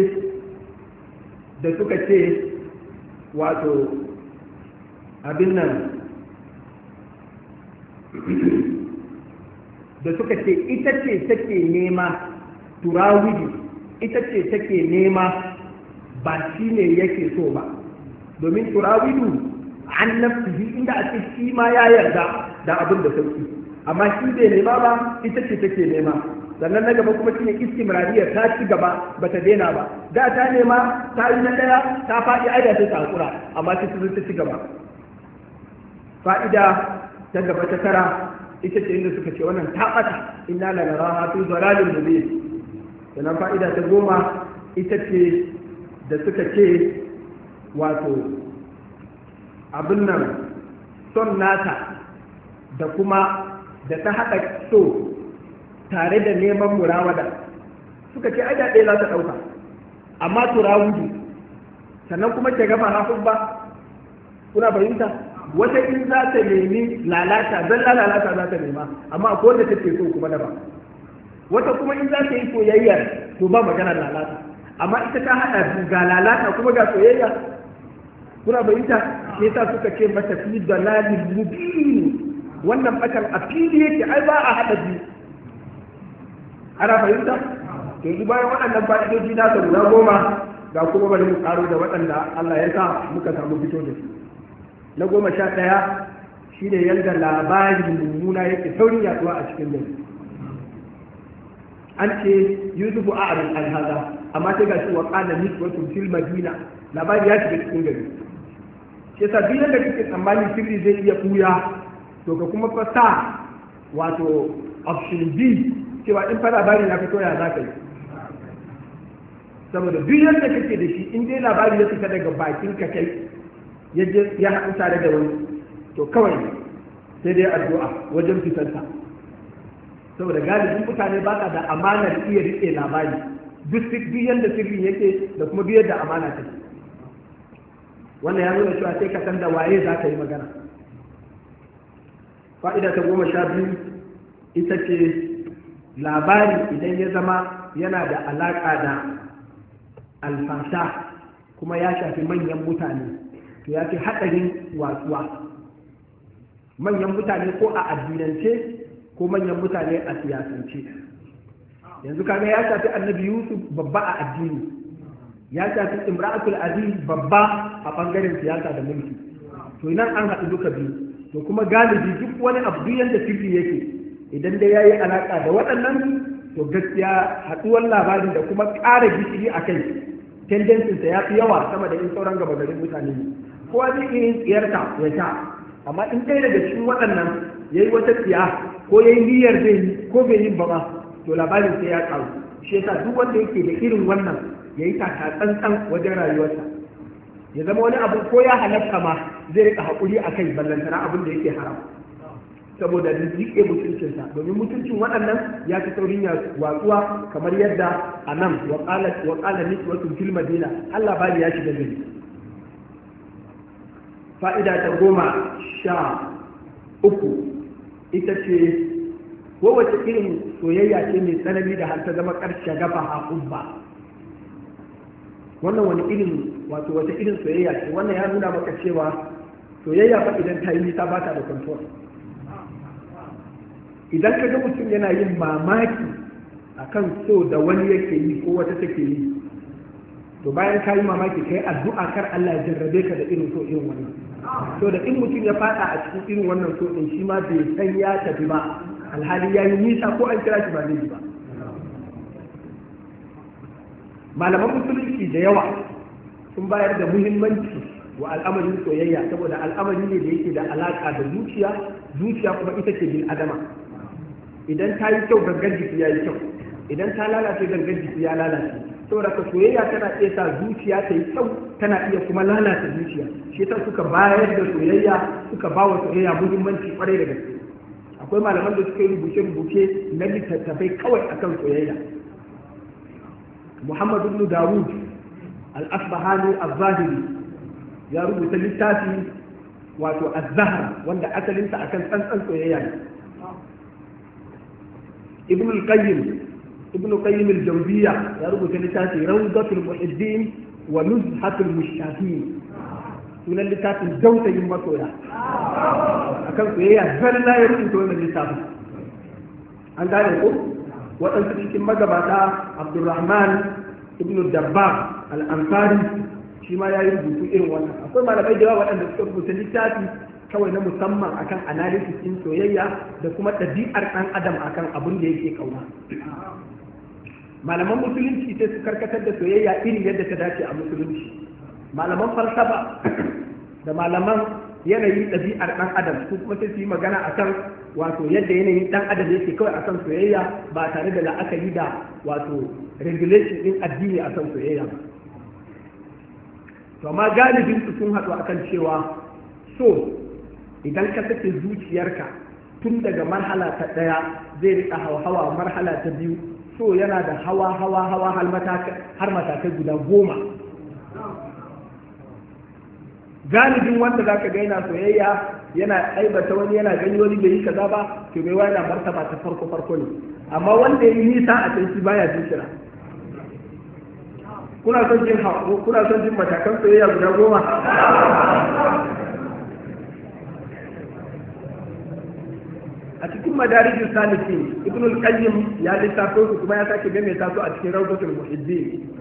A: da suka ce wato abin nan da suka ce ita ce take nema turawidi ita ce take nema ba shi ne yake so ba domin turawidu an nafi inda a ce shi ma ya yarda da abin da sauki amma shi bai nema ba ita ce take nema sannan na gaba kuma shine istimrariya ta ci gaba ba ta daina ba da ta nema ta yi na daya ta faɗi aida sai ta takura amma ta ci ta ci gaba fa'ida ta gaba ta tara ita ce inda suka ce wannan ta ɓata inna la naraha fi dhalalin mubin sannan fa'ida ta goma ita ce da suka ce wato abin nan son nata da kuma da ta haɗa so tare da neman murawada suka ce ai ɗaya za ta ɗauka amma turawudu sannan kuma ke gaba hafin ba kuna fahimta wata in za ta nemi lalata zalla lalata za ta nema amma a kowace take so kuma da ba wata kuma in za ta yi soyayyar to ba magana lalata amma ita ta haɗa ga lalata kuma ga soyayya kuna fahimta ne ta suka ce mata fi dalalin mubin wannan batan a fili yake ai ba a haɗa biyu ana fahimta yanzu bayan waɗannan fa'idoji na guda goma ga kuma bari mu karo da waɗanda Allah ya sa muka samu fito da su na goma sha ɗaya shi ne yadda labarin mummuna yake saurin yaduwa a cikin gari an ce yusufu a abin alhaza amma sai ga shi wa kana nisbatu fil madina labari ya shiga cikin gari Ke yasa duk yadda kike tsammani sirri zai iya buya to ka kuma fasa wato option b cewa in fa bari na fito ya za ka yi saboda duk yadda kake da shi in dai labari ya fita daga bakin ka kai ya haɗu tare da wani to kawai sai dai addu'a wajen ta saboda galibin mutane ba ka da amanar iya riƙe labari duk duk yadda sirri yake da kuma duk yadda amana take wannan ya nuna cewa sai ka san da waye za ka yi magana fa'ida ta goma sha biyu ita ce labari idan ya zama yana da alaƙa da alfasa kuma ya shafi manyan mutane to ya fi haɗarin watsuwa manyan mutane ko a addinance ko manyan mutane a siyasance yanzu kaga ya shafi annabi yusuf babba a addini ya shafi imra'atul aziz babba a ɓangaren siyasa da mulki to nan an haɗu duka biyu to kuma galibi duk wani abu yadda yanda sirri yake idan dai yi alaka da waɗannan to gaskiya haɗuwar labarin da kuma ƙara gishiri a kai tendensinsa ya fi yawa sama da in sauran gaba garin mutane ne kowa zai iya yin tsiyarta ya ta amma in ɗaya da cikin waɗannan ya yi wata tsiya ko ya yi niyyar zai yi ko bai yi ba to labarin sai ya ƙaru shi yasa duk wanda yake da irin wannan ya yi tsantsan wajen rayuwarsa ya zama wani abu ko ya halatta ma zai rika haƙuri a kai ballantana abin da yake haram saboda jiƙe mutuncinsa domin mutuncin waɗannan ya fi saurin ya watsuwa kamar yadda a nan wa ƙala wasu fil dina Allah ba ya shiga gari fa'ida ta goma sha uku ita ce kowace irin soyayya ce mai tsanani da har ta zama ƙarshe gafa a wannan wani irin wato wata irin soyayya ce wannan ya nuna maka cewa soyayya fa idan ta yi nisa ba ta da kwantuwa idan ka ga mutum yana yin mamaki akan so da wani yake yi ko wata take yi to bayan ka yi mamaki ka yi addu'a kar Allah ya jarrabe ka da irin so irin wannan to da in mutum ya fada a cikin irin wannan so din shi ma bai san ya tafi ba alhali ya yi nisa ko an kira shi ba zai ba malaman musulunci da yawa sun bayar da muhimmanci wa al'amarin soyayya saboda al'amari ne da yake da alaƙa da zuciya zuciya kuma ita ce bil adama idan ta yi kyau gangan jiki ya yi kyau idan ta lalace gangan jiki ya lalace saboda ka soyayya tana iya sa zuciya ta yi kyau tana iya kuma lalata zuciya shi ta suka bayar da soyayya suka ba wa soyayya muhimmanci kwarai da gaske akwai malaman da suka yi rubuce-rubuce na littattafai kawai akan soyayya محمد بن داوود الأصبهاني الظاهري يا رب تلتاتي واتو الزهر وانت أتل انت أكل أنت يعني. ابن القيم ابن القيم الجوزية يا رب تلتاتي روضة المحدين ونزهة المشتاكين تقول اللي كانت الزوجة يمتوا يا أكل فيها زل لا يرد انتوا من اللي تابعوا عندها waɗansu cikin magabata abdulrahman ibn dabbar al'amfari shi ma ya yi rubutu irin wannan akwai malamai da yawa waɗanda suka rubuta littafi kawai na musamman akan analysis din soyayya da kuma ɗabi'ar ɗan adam akan abin da yake kauna malaman musulunci sai su karkatar da soyayya irin yadda ta dace a musulunci malaman falsafa da malaman yanayin ɗabi'ar ɗan adam su kuma sai su yi magana a kan, wato yadda yanayin ɗan adam yake kawai a kan soyayya ba tare da la'akari da wato regulation ɗin addini a kan soyayya ba to amma galibin su sun haɗu akan cewa so idan ka sake zuciyarka tun daga marhala ta ɗaya zai riƙa hawa marhala ta biyu so yana da hawa hawa hawa har matakai guda goma galibin wanda zaka ga yana soyayya yana aibata wani yana gani wani bai yi kaza ba to bai wani martaba ta farko farko ne amma wanda ya yi nisa a can shi baya jikira kuna son jin haƙo kuna son jin matakan soyayya guda goma a cikin madarijin salikin ibnul al-qayyim ya lissafo su kuma ya sake mai su a cikin rawdatul muhibbin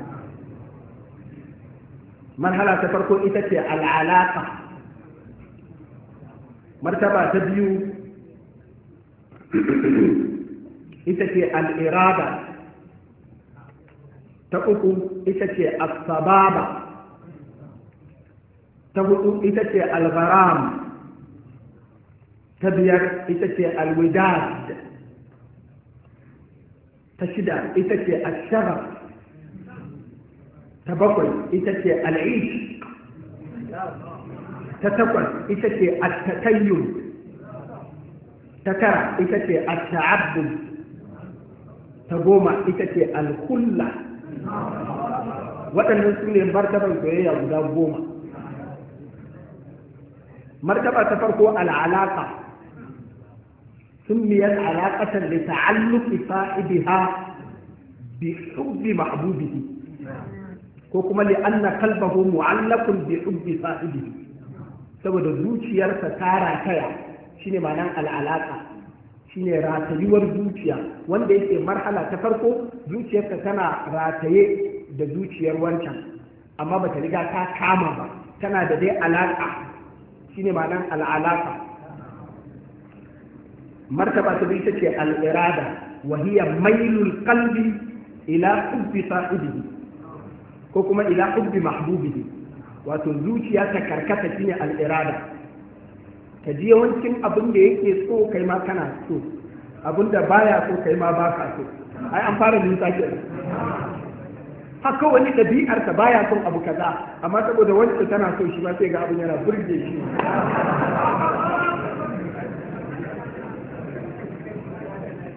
A: مرحلة تفرقوا إتت العلاقة مرتبة تبيو إتت الإرادة تقوكو إتت الصبابة تقوكو إتت الغرام تبيك إتت الوداد تشدى إتت الشغف ta bakwai ita ce al'id ta takwas ita ce attatayyun ta tara ita ce atta'abbud ta goma ita ce alkulla waɗannan su ne martaban soyayya guda goma martaba ta farko al'alaka summiyar alaƙatar da ta'alluki fa'idiha bi hubbi mahbubihi ko kuma li anna qalbahu mu'allaqun bi hubbi sahibihi saboda zuciyarsa ta rataya shine ma'anan al'alaka shine ratayuwar zuciya wanda yake marhala ta farko zuciyarsa tana rataye da zuciyar wancan amma bata riga ta kama ba tana da dai alaka shine ma'anan al'alaka martaba ta biyu ita ce al'irada wa hiya mailul qalbi ila hubbi sahibihi ko kuma ila hubbi mahbubihi wato zuciya ta karkata shine al-irada ka ji yawancin abin da yake so kai ma kana so abin da baya so kai ma baka so ai an fara nisa ke haka wani ɗabi'ar ta baya son abu kaza amma saboda wani tana so shi ma sai ga abin yana burge shi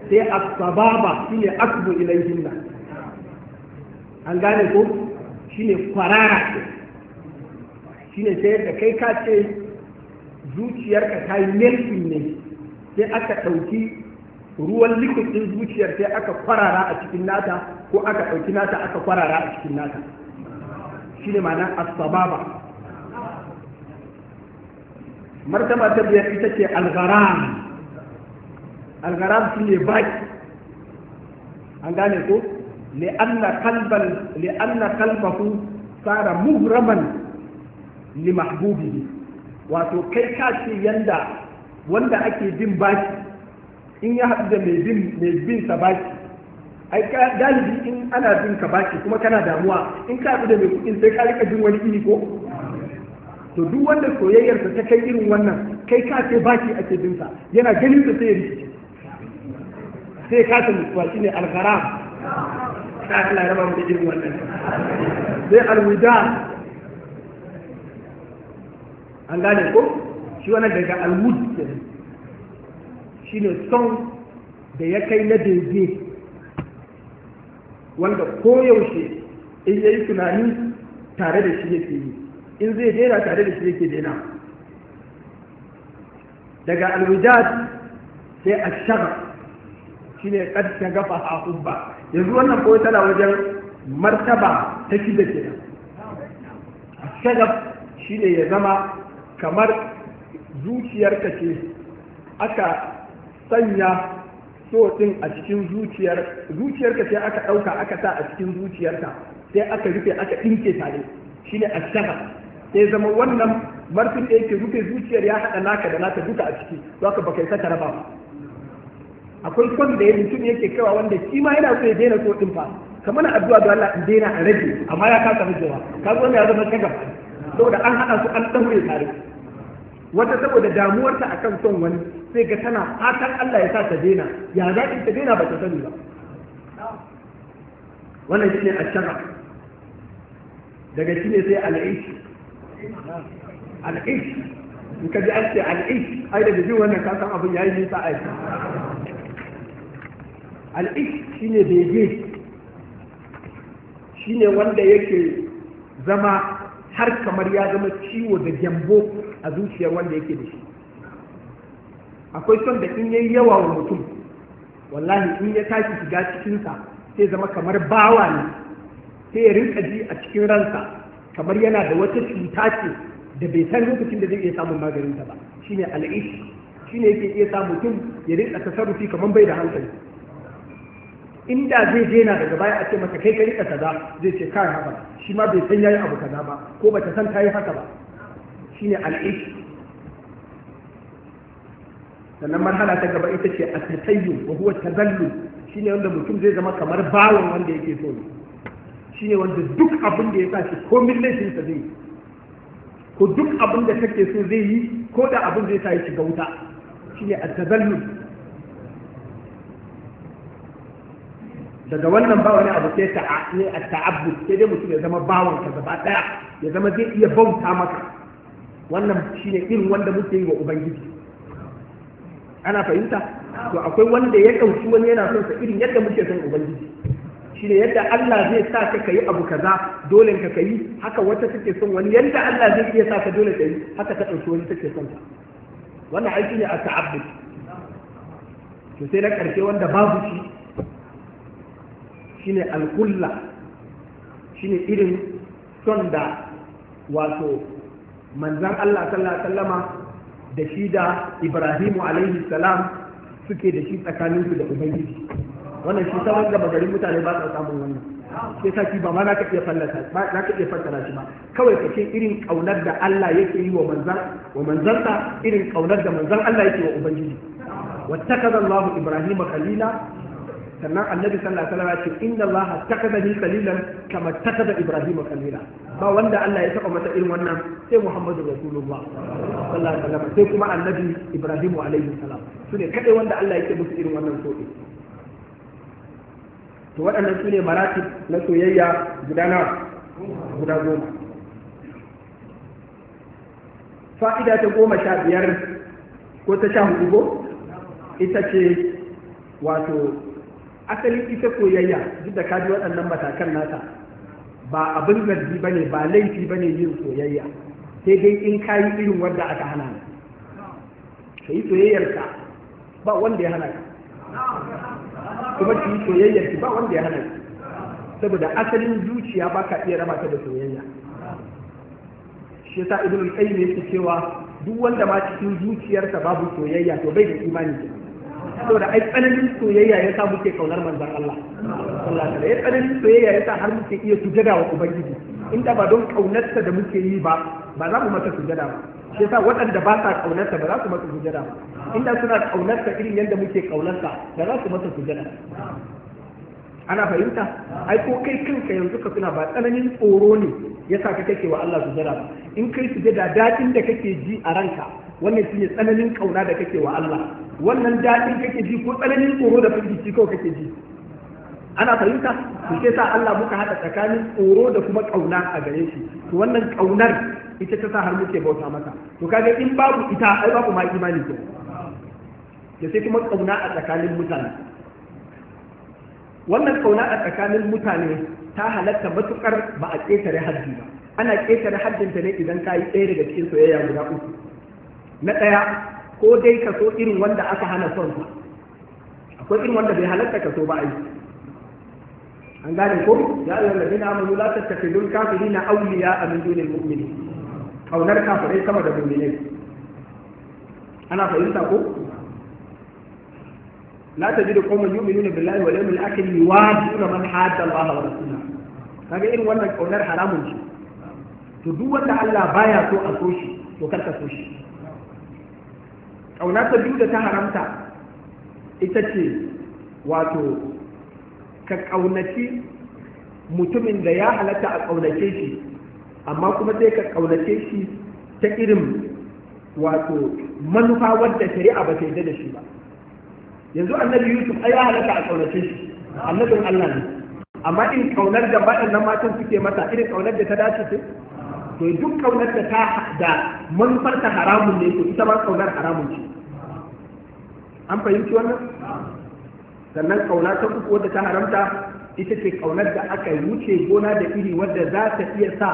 C: sai asbaba shine
A: asbu ilayhinna an gane ko shine kwarara shine sai da kai ka ce zuciyarka ta yi melting ne sai aka ɗauki ruwan likitin zuciyar sai aka kwarara a cikin nata ko aka ɗauki nata aka kwarara a cikin nata shine ma'ana asbaba martaba ta biyar ita ce Algaram. Algaram shine baki an gane ko li'anna kalbahu tsara muhraman li mahbubihi wato kai ka ce yanda wanda ake bin baki in ya haɗu da mai bin mai bin sa baki ai ka galibi in ana bin ka baki kuma kana damuwa in ka haɗu da mai kuɗin sai ka rika jin wani iri ko to duk wanda soyayyarsa ta kai irin wannan kai ka ce baki ake bin sa yana ganin sa sai ya rikice sai ka ta mutuwa shine algharam ta Allah ya raba mu da irin wannan sai alwida an gane ko shi wannan daga alwud shine son da ya kai na daidai wanda ko yaushe in yayi tunani tare da shi yake yi in zai daina tare da shi yake daina daga alwijad sai a ashar shi ne ƙarshen gafa a ba. yanzu wannan koyo tana wajen martaba ta da ke shagab shi ne ya zama kamar zuciyarka ce aka sanya so a cikin zuciyar zuciyarka ce aka ɗauka aka sa a cikin zuciyarka sai aka rufe aka ɗinke tare shi ne a shagab sai zama wannan martin da yake rufe zuciyar ya haɗa naka da naka duka a ciki za ka baka yi raba ba akwai son da ya mutum yake kawa wanda shi ma yana so ya daina so din fa kamar addu'a da Allah in daina a rage amma ya kasa ka kaga wanda ya zama kaga saboda an hada su an daure tare wata saboda damuwarta akan son wani sai ga tana fatan Allah ya sa ta daina ya za ki ta daina ba ta sani ba wannan shine ashara daga shine sai al'ish al'ish in ka ji an ce al'ish ai da jin wannan kasan abin yayi nisa ai shi ne bege ne wanda yake zama har kamar ya zama ciwo da gyambo a zuciyar wanda yake da shi akwai son da in yayi yawa wa mutum wallahi in ya tashi shiga cikinsa sai zama kamar bawa ne sai ya rinka ji a cikin ransa kamar yana da wata cuta ce da bai san lokacin da zai iya samun maganinta ba shine al'ish shine yake iya sa mutum ya rinka tasarrufi kamar bai da hankali inda zai daina daga baya a ce mata kai ka rika kaza zai ce kai haka shi ma bai san yayi abu kaza ba ko bata san tayi haka ba shine al'ish sannan marhala ta gaba ita ce a tatayyu wa huwa tazallu shine wanda mutum zai zama kamar bawon wanda yake so ne shine wanda duk abin da ya sa shi ko millashin sa zai ko duk abin da kake so zai yi ko da abin zai sa ya shiga wuta shine at-tazallul daga wannan ba wani abu sai ta'abbu sai dai mutum ya zama bawan ka gaba daya ya zama zai iya bauta maka wannan shine irin wanda muke yi wa ubangiji ana fahimta to akwai wanda ya dauki wani yana son sa irin yadda muke son ubangiji shine yadda Allah zai sa ka kai abu kaza dole ka kai haka wata take son wani yadda Allah zai iya sa ka dole ka yi haka ta dauki wani take son ka wannan aiki ne a ta'abbu to sai na karshe wanda babu shi shine alkulla shine irin son da wato manzan Allah sallallahu alaihi wasallama da shi da Ibrahimu alaihi salam suke da shi tsakaninsu da Ubangiji wannan shi sawan gaba garin mutane ba sa samun wannan sai sa ba ma za ka iya fallasa ba na ka iya fassara shi ba kawai ka ce irin kaunar da Allah yake yi wa manzan wa manzansa irin kaunar da manzan Allah yake wa Ubangiji wattakaza Allahu Ibrahima khalila sannan annabi sallallahu alaihi wasallam ya ce inna Allah takada ni qalilan kama takada Ibrahim qalila ba wanda Allah ya taba mata irin wannan sai Muhammadu Rasulullah sallallahu alaihi wasallam sai kuma annabi Ibrahim alaihi salam su ne kadai wanda Allah yake musu irin wannan so to waɗannan su ne maratib na soyayya guda nawa guda goma fa'ida ta goma sha biyar ko ta sha hudu ko ita ce wato asalin ita soyayya duk da kaji waɗannan matakan nata ba abin zargi ba ne ba laifi ba ne yin soyayya sai dai in ka yi irin wadda aka hana ni ka yi soyayyarka ba wanda ya hana ka
C: kuma ki yi soyayyarki ba wanda ya hana ka.
A: saboda asalin zuciya ba ka iya raba ta da soyayya shi yasa ibn al-qayyim yake cewa duk wanda ma cikin zuciyarsa babu soyayya to bai da imani kenan saboda ai tsananin soyayya ya sa muke kaunar manzon Allah sallallahu alaihi tsananin soyayya ya sa har muke iya sujada wa ubangiji inda ba don kaunarsa da muke yi ba ba za mu masa sujada ba shi yasa waɗanda ba sa kaunarsa ba za su masa sujada ba inda suna kaunarsa irin yadda muke kaunarsa ba za su masa sujada ana fahimta ai ko kai kanka yanzu ka suna ba tsananin tsoro ne yasa ka kake wa Allah sujada ba in kai sujada dadin da kake ji a ranka wannan shine tsananin kauna da kake wa Allah wannan daɗin kake ji ko tsananin tsoro da firgici kawai kake ji ana fahimta to sai sa Allah muka haɗa tsakanin tsoro da kuma kauna a gare shi to wannan kaunar ita ta sa har muke bauta mata to kaga in babu ita ai babu ma imani ko da sai kuma kauna a tsakanin mutane wannan ƙauna a tsakanin mutane ta halatta matukar ba a ƙetare haddi ba ana ƙetare haddinta ne idan ka yi ɗaya daga cikin soyayya guda uku na ɗaya ko dai ka so irin wanda aka hana son sa akwai irin wanda bai halatta ka so ba ai an gane ko ya ayyuhal ladina amanu la tattakhidul kafirina awliya min dunil mu'minin kaunar kafirai sama da mu'minai ana fahimta ko لا تجد aka yi بالله واليوم ina man من حاد الله suna, kaga irin wannan kaunar haramun ce to duk wanda Allah baya so a so shi to karka so shi ƙauna ta biyu da ta haramta ita ce wato ka ƙaunaci mutumin da ya halatta a ƙaunace shi amma kuma sai ka ƙaunace shi ta irin wato manufa wadda shari'a ba ta yi da shi ba yanzu annabi yusuf ai ya halatta a ƙaunace shi annabin allah ne amma in ƙaunar da nan matan suke mata irin ƙaunar da ta dace ce to duk kaunar da ta da manufar ta haramun ne to ita ma kaunar haramun ce an fahimci wannan sannan kauna ta uku wadda ta haramta ita ce kaunar da aka wuce gona da iri wadda za ta iya sa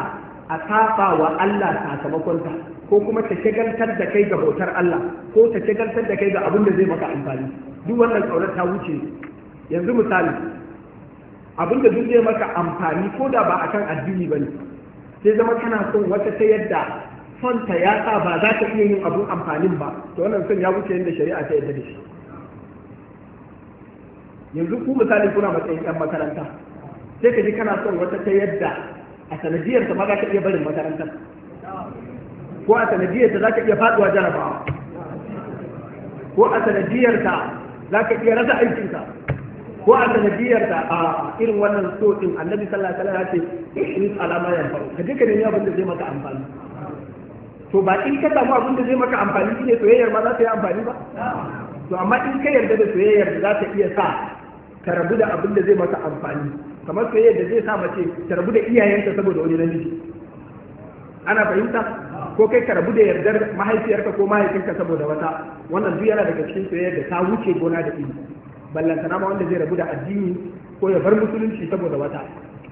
A: a tafa wa Allah ta ko kuma ta shagaltar da kai ga bautar Allah ko ta shagaltar da kai ga abin da zai maka amfani duk wannan kaunar ta wuce yanzu misali abin da duk zai maka amfani ko da ba akan addini bane sai zama kana son wata ta yadda fanta ya sa ba za ta iya yin abun amfanin ba to wannan son ya wuce yadda shari'a ta yadda da shi yanzu ku misali kuna matsayin yan makaranta sai ka ji kana son wata ta yadda a sanadiyar ta ma za ka iya barin makarantar ko a sanadiyar ta za ka iya faduwa jarabawa ko a sanadiyar ta za ka iya rasa aikinka ko a sanadiyar da a irin wannan so annabi sallallahu alaihi wasallam ya ce alama ya faru ka je ka nemi abin da zai maka amfani to ba in ka samu abin da zai maka amfani shine soyayyar ma za ta yi amfani ba to amma in ka yarda da soyayyar da za ta iya sa ka rabu da abin da zai maka amfani kamar soyayyar da zai sa mace ta rabu da iyayenta saboda wani namiji ana fahimta ko kai ka rabu da yardar mahaifiyarka ko mahaifinka saboda wata wannan duk yana daga cikin soyayyar da ta wuce gona da ilimi ballantana ma wanda zai rabu da addini ko ya bar musulunci saboda wata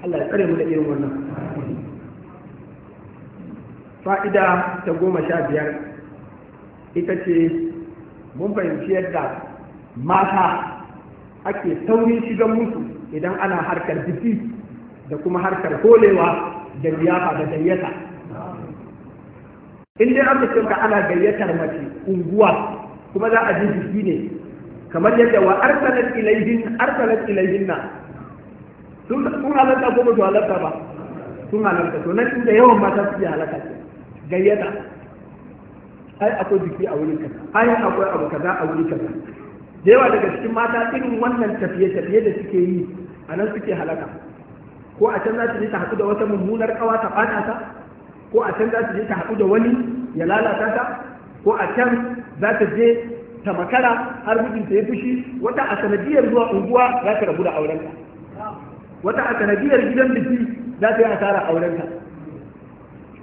A: Allah ya tsare mu da irin wannan fa'ida ta goma sha biyar ita ce mun fahimci yadda mata ake saurin shigan musu idan ana harkar jiki da kuma harkar kolewa da liyafa da gayyata in dai an ka ana gayyatar mace unguwa kuma za a ji jiki ne kamar yadda wa arsalat ilayhin arsalat ilayhinna sun sun halatta ko ba su halatta ba sun halatta to nan inda yawan mata su halatta gayyata ai akwai jiki a wurin kaza ai akwai abu kaza a wurin kaza da yawa daga cikin mata irin wannan tafiye-tafiye da suke yi a nan suke halaka ko a can za su je ta haɗu da wata mummunar ƙawa ta ɓata ta ko a can za su je ta haɗu da wani ya lalata ta ko a can za ta je ta makara har ta ya fushi wata a sanadiyar zuwa unguwa za ta rabu da aurenta wata a sanadiyar gidan biki za ta yi asara aurenta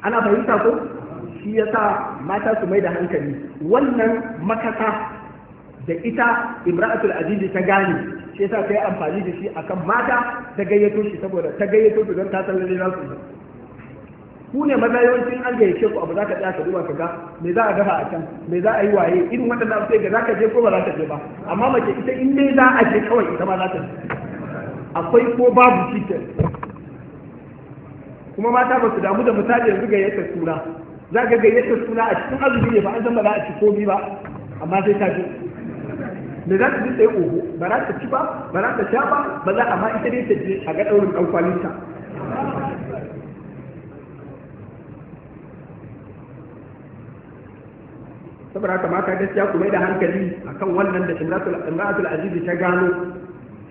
A: ana fahimta ko shi ya sa mata su mai da hankali wannan makasa da ita imra'atul azizi ta gane shi ya sa ta yi amfani da shi akan mata ta gayyato shi saboda ta gayyato su don ta san lalle za su ku ne maza yawancin an gayyace ku abu za ka tsaya ka duba ka ga me za a dafa a can me za a yi waye irin waɗanda sai ga za ka je ko ba za ka je ba amma mace ita in dai za a je kawai ita ma za ta je akwai ko babu cikin kuma mata ba su damu da misali yanzu gayyatar suna za ka gayyatar suna a cikin azumi ne ba an san ba za a ci komi ba amma sai ta je me za ta ji tsaye oho ba za ta ci ba ba za ta sha ba ba za amma ma ita dai ta je a ga ɗaurin ɗan kwalinta saboda haka mata gaskiya ku mai da hankali akan wannan da imratul aziz ta gano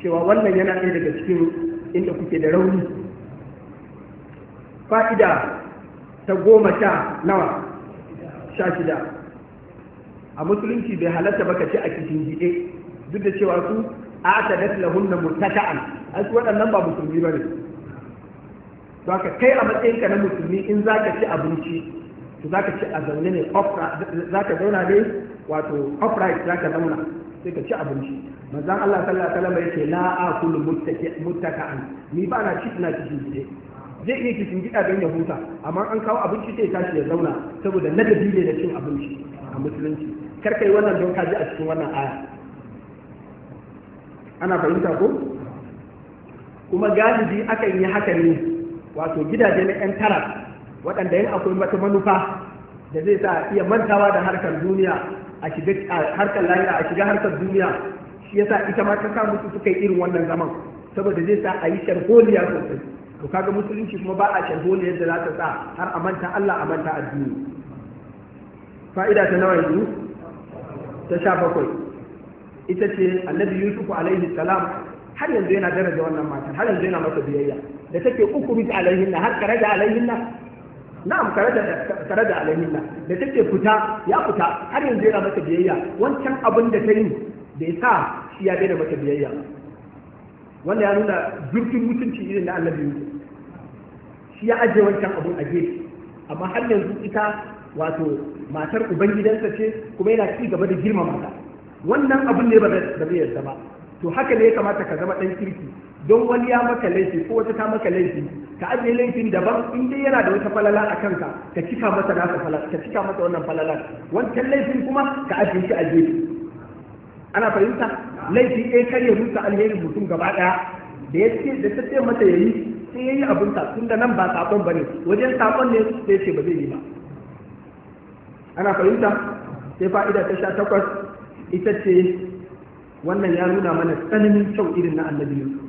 A: cewa wannan yana ɗaya daga cikin inda kuke da rauni fa'ida ta goma sha nawa sha shida a musulunci bai halatta baka ce a cikin jiɗe duk da cewa su a ta da na murtaka'an a su waɗannan ba musulmi ba ne Ba ka kai a matsayinka na musulmi in za ka ci abinci to zaka ci a zaune ne zaka zauna ne wato upright zaka zauna sai ka ci abinci manzon Allah sallallahu alaihi wasallam yake la akulu muttaka'an ni ba na ci ina cikin gide zai iya cikin gida don ya huta amma an kawo abinci sai tashi ya zauna saboda ladabi ne da cin abinci a musulunci karkai wannan don kaji a cikin wannan aya ana fahimta ko kuma galibi akan yi haka ne wato gidaje na 'yan tara waɗanda yin akwai wata manufa da zai sa iya mantawa da harkar duniya a shiga harkar lahira a shiga harkar duniya shi yasa ita ma ta sa musu suka yi irin wannan zaman saboda zai sa a yi sharholiya sosai to kaga musulunci kuma ba a sharholiya yadda za ta sa har a manta Allah a manta addini fa'ida ta nawa yanzu ta sha bakwai ita ce annabi yusufu alaihi salam har yanzu yana daraja wannan matar har yanzu yana masa biyayya da take uku bit alaihinna har karaja alaihinna na'am kare da kare da da take fita ya fita har yanzu yana mata biyayya wancan abin da ta yi bai sa shi ya daina mata biyayya wanda ya nuna zurfin mutunci irin na annabi shi ya ajiye wancan abun a gefe amma har yanzu ita wato matar ubangidansa ce kuma yana ci gaba da girmama ta wannan abun ne ba zai yarda ba to haka ne ya kamata ka zama dan kirki don wani ya maka laifi ko wata ta maka laifi ka ajiye laifin daban in dai yana da wata falala a kanka ka cika masa nasa falala ka cika masa wannan falala wancan laifin kuma ka ajiye shi a gefe ana fahimta laifi ɗaya karya rusa alherin mutum gaba ɗaya da ya ce da tace masa yayi sai yayi abin ta tun da nan ba sakon bane wajen sakon ne sai ce ba zai yi ba ana fahimta sai fa'ida ta sha takwas ita ce wannan ya nuna mana tsananin kyau irin na annabi Yusuf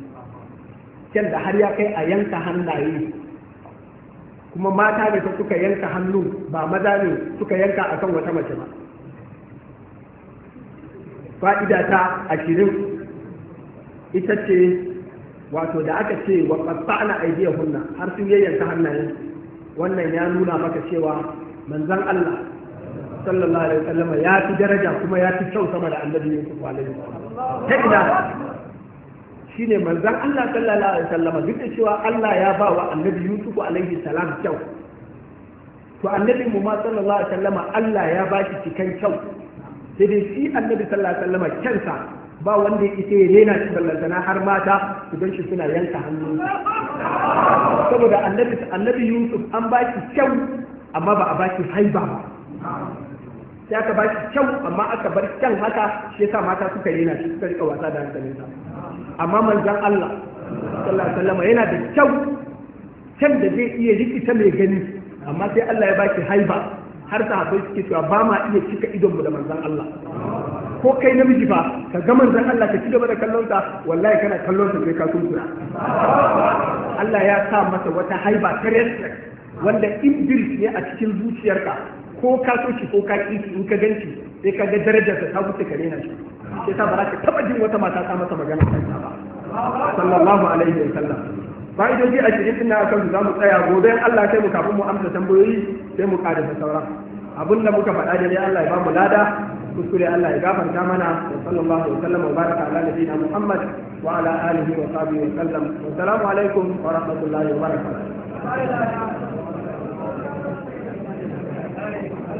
A: kyan da har ya kai a yanka hannaye kuma mata ne ta suka yanka hannu ba maza ne suka yanka a kan wata mace ba fa'ida ta ashirin ita ce wato da aka ce wa ƙasa'ana aidiyar hunna har sun yanka hannaye wannan ya nuna maka cewa manzan Allah sallallahu alaihi wasallam ya fi daraja kuma ya fi kyau sama da annabi Yusuf alaihi wasallam ta ina shine manzon Allah sallallahu alaihi wasallama duk da cewa Allah ya ba wa annabi Yusuf alaihi salam kyau to annabi mu ma sallallahu alaihi wasallama Allah ya ba shi cikan kyau sai dai shi annabi sallallahu alaihi wasallama kyansa ba wanda yake ya rena shi ballantana har mata su don shi suna yanka hannu saboda annabi annabi Yusuf an ba shi kyau amma ba a ba shi haiba ba sai aka ba shi kyau amma aka bar kyan haka shi yasa mata suka rena shi suka rika wasa da hankalinsa amma manzan Allah sallallahu alaihi wasallam yana da kyau can da zai iya rikita mai gani amma sai Allah ya baki haiba har sahabbai suke cewa ba ma iya cika mu da manzan Allah ko kai namiji fa ka ga Manzan Allah ka ci gaba da kallon sa wallahi kana kallon sa sai ka kunkura Allah ya sa masa wata haiba ta wanda ibris ne a cikin zuciyarka ko ka so shi ko ka ki in ka ganci sai ka ga darajarsa ta wuce ka rena shi sai ta ba za ka taɓa jin wata mata ta masa magana kanta ba sallallahu alaihi wa sallam fa'idoji a cikin tunan akan su za mu tsaya gobe Allah sai mu kafin mu amsa tambayoyi sai mu kada sauran abin da muka faɗa da dai Allah ya ba mu lada kuskure Allah ya gafarta mana wa sallallahu alaihi wa sallam wa baraka ala nabiyina Muhammad wa ala alihi wa sahbihi wa sallam assalamu alaikum wa rahmatullahi wa
C: barakatuh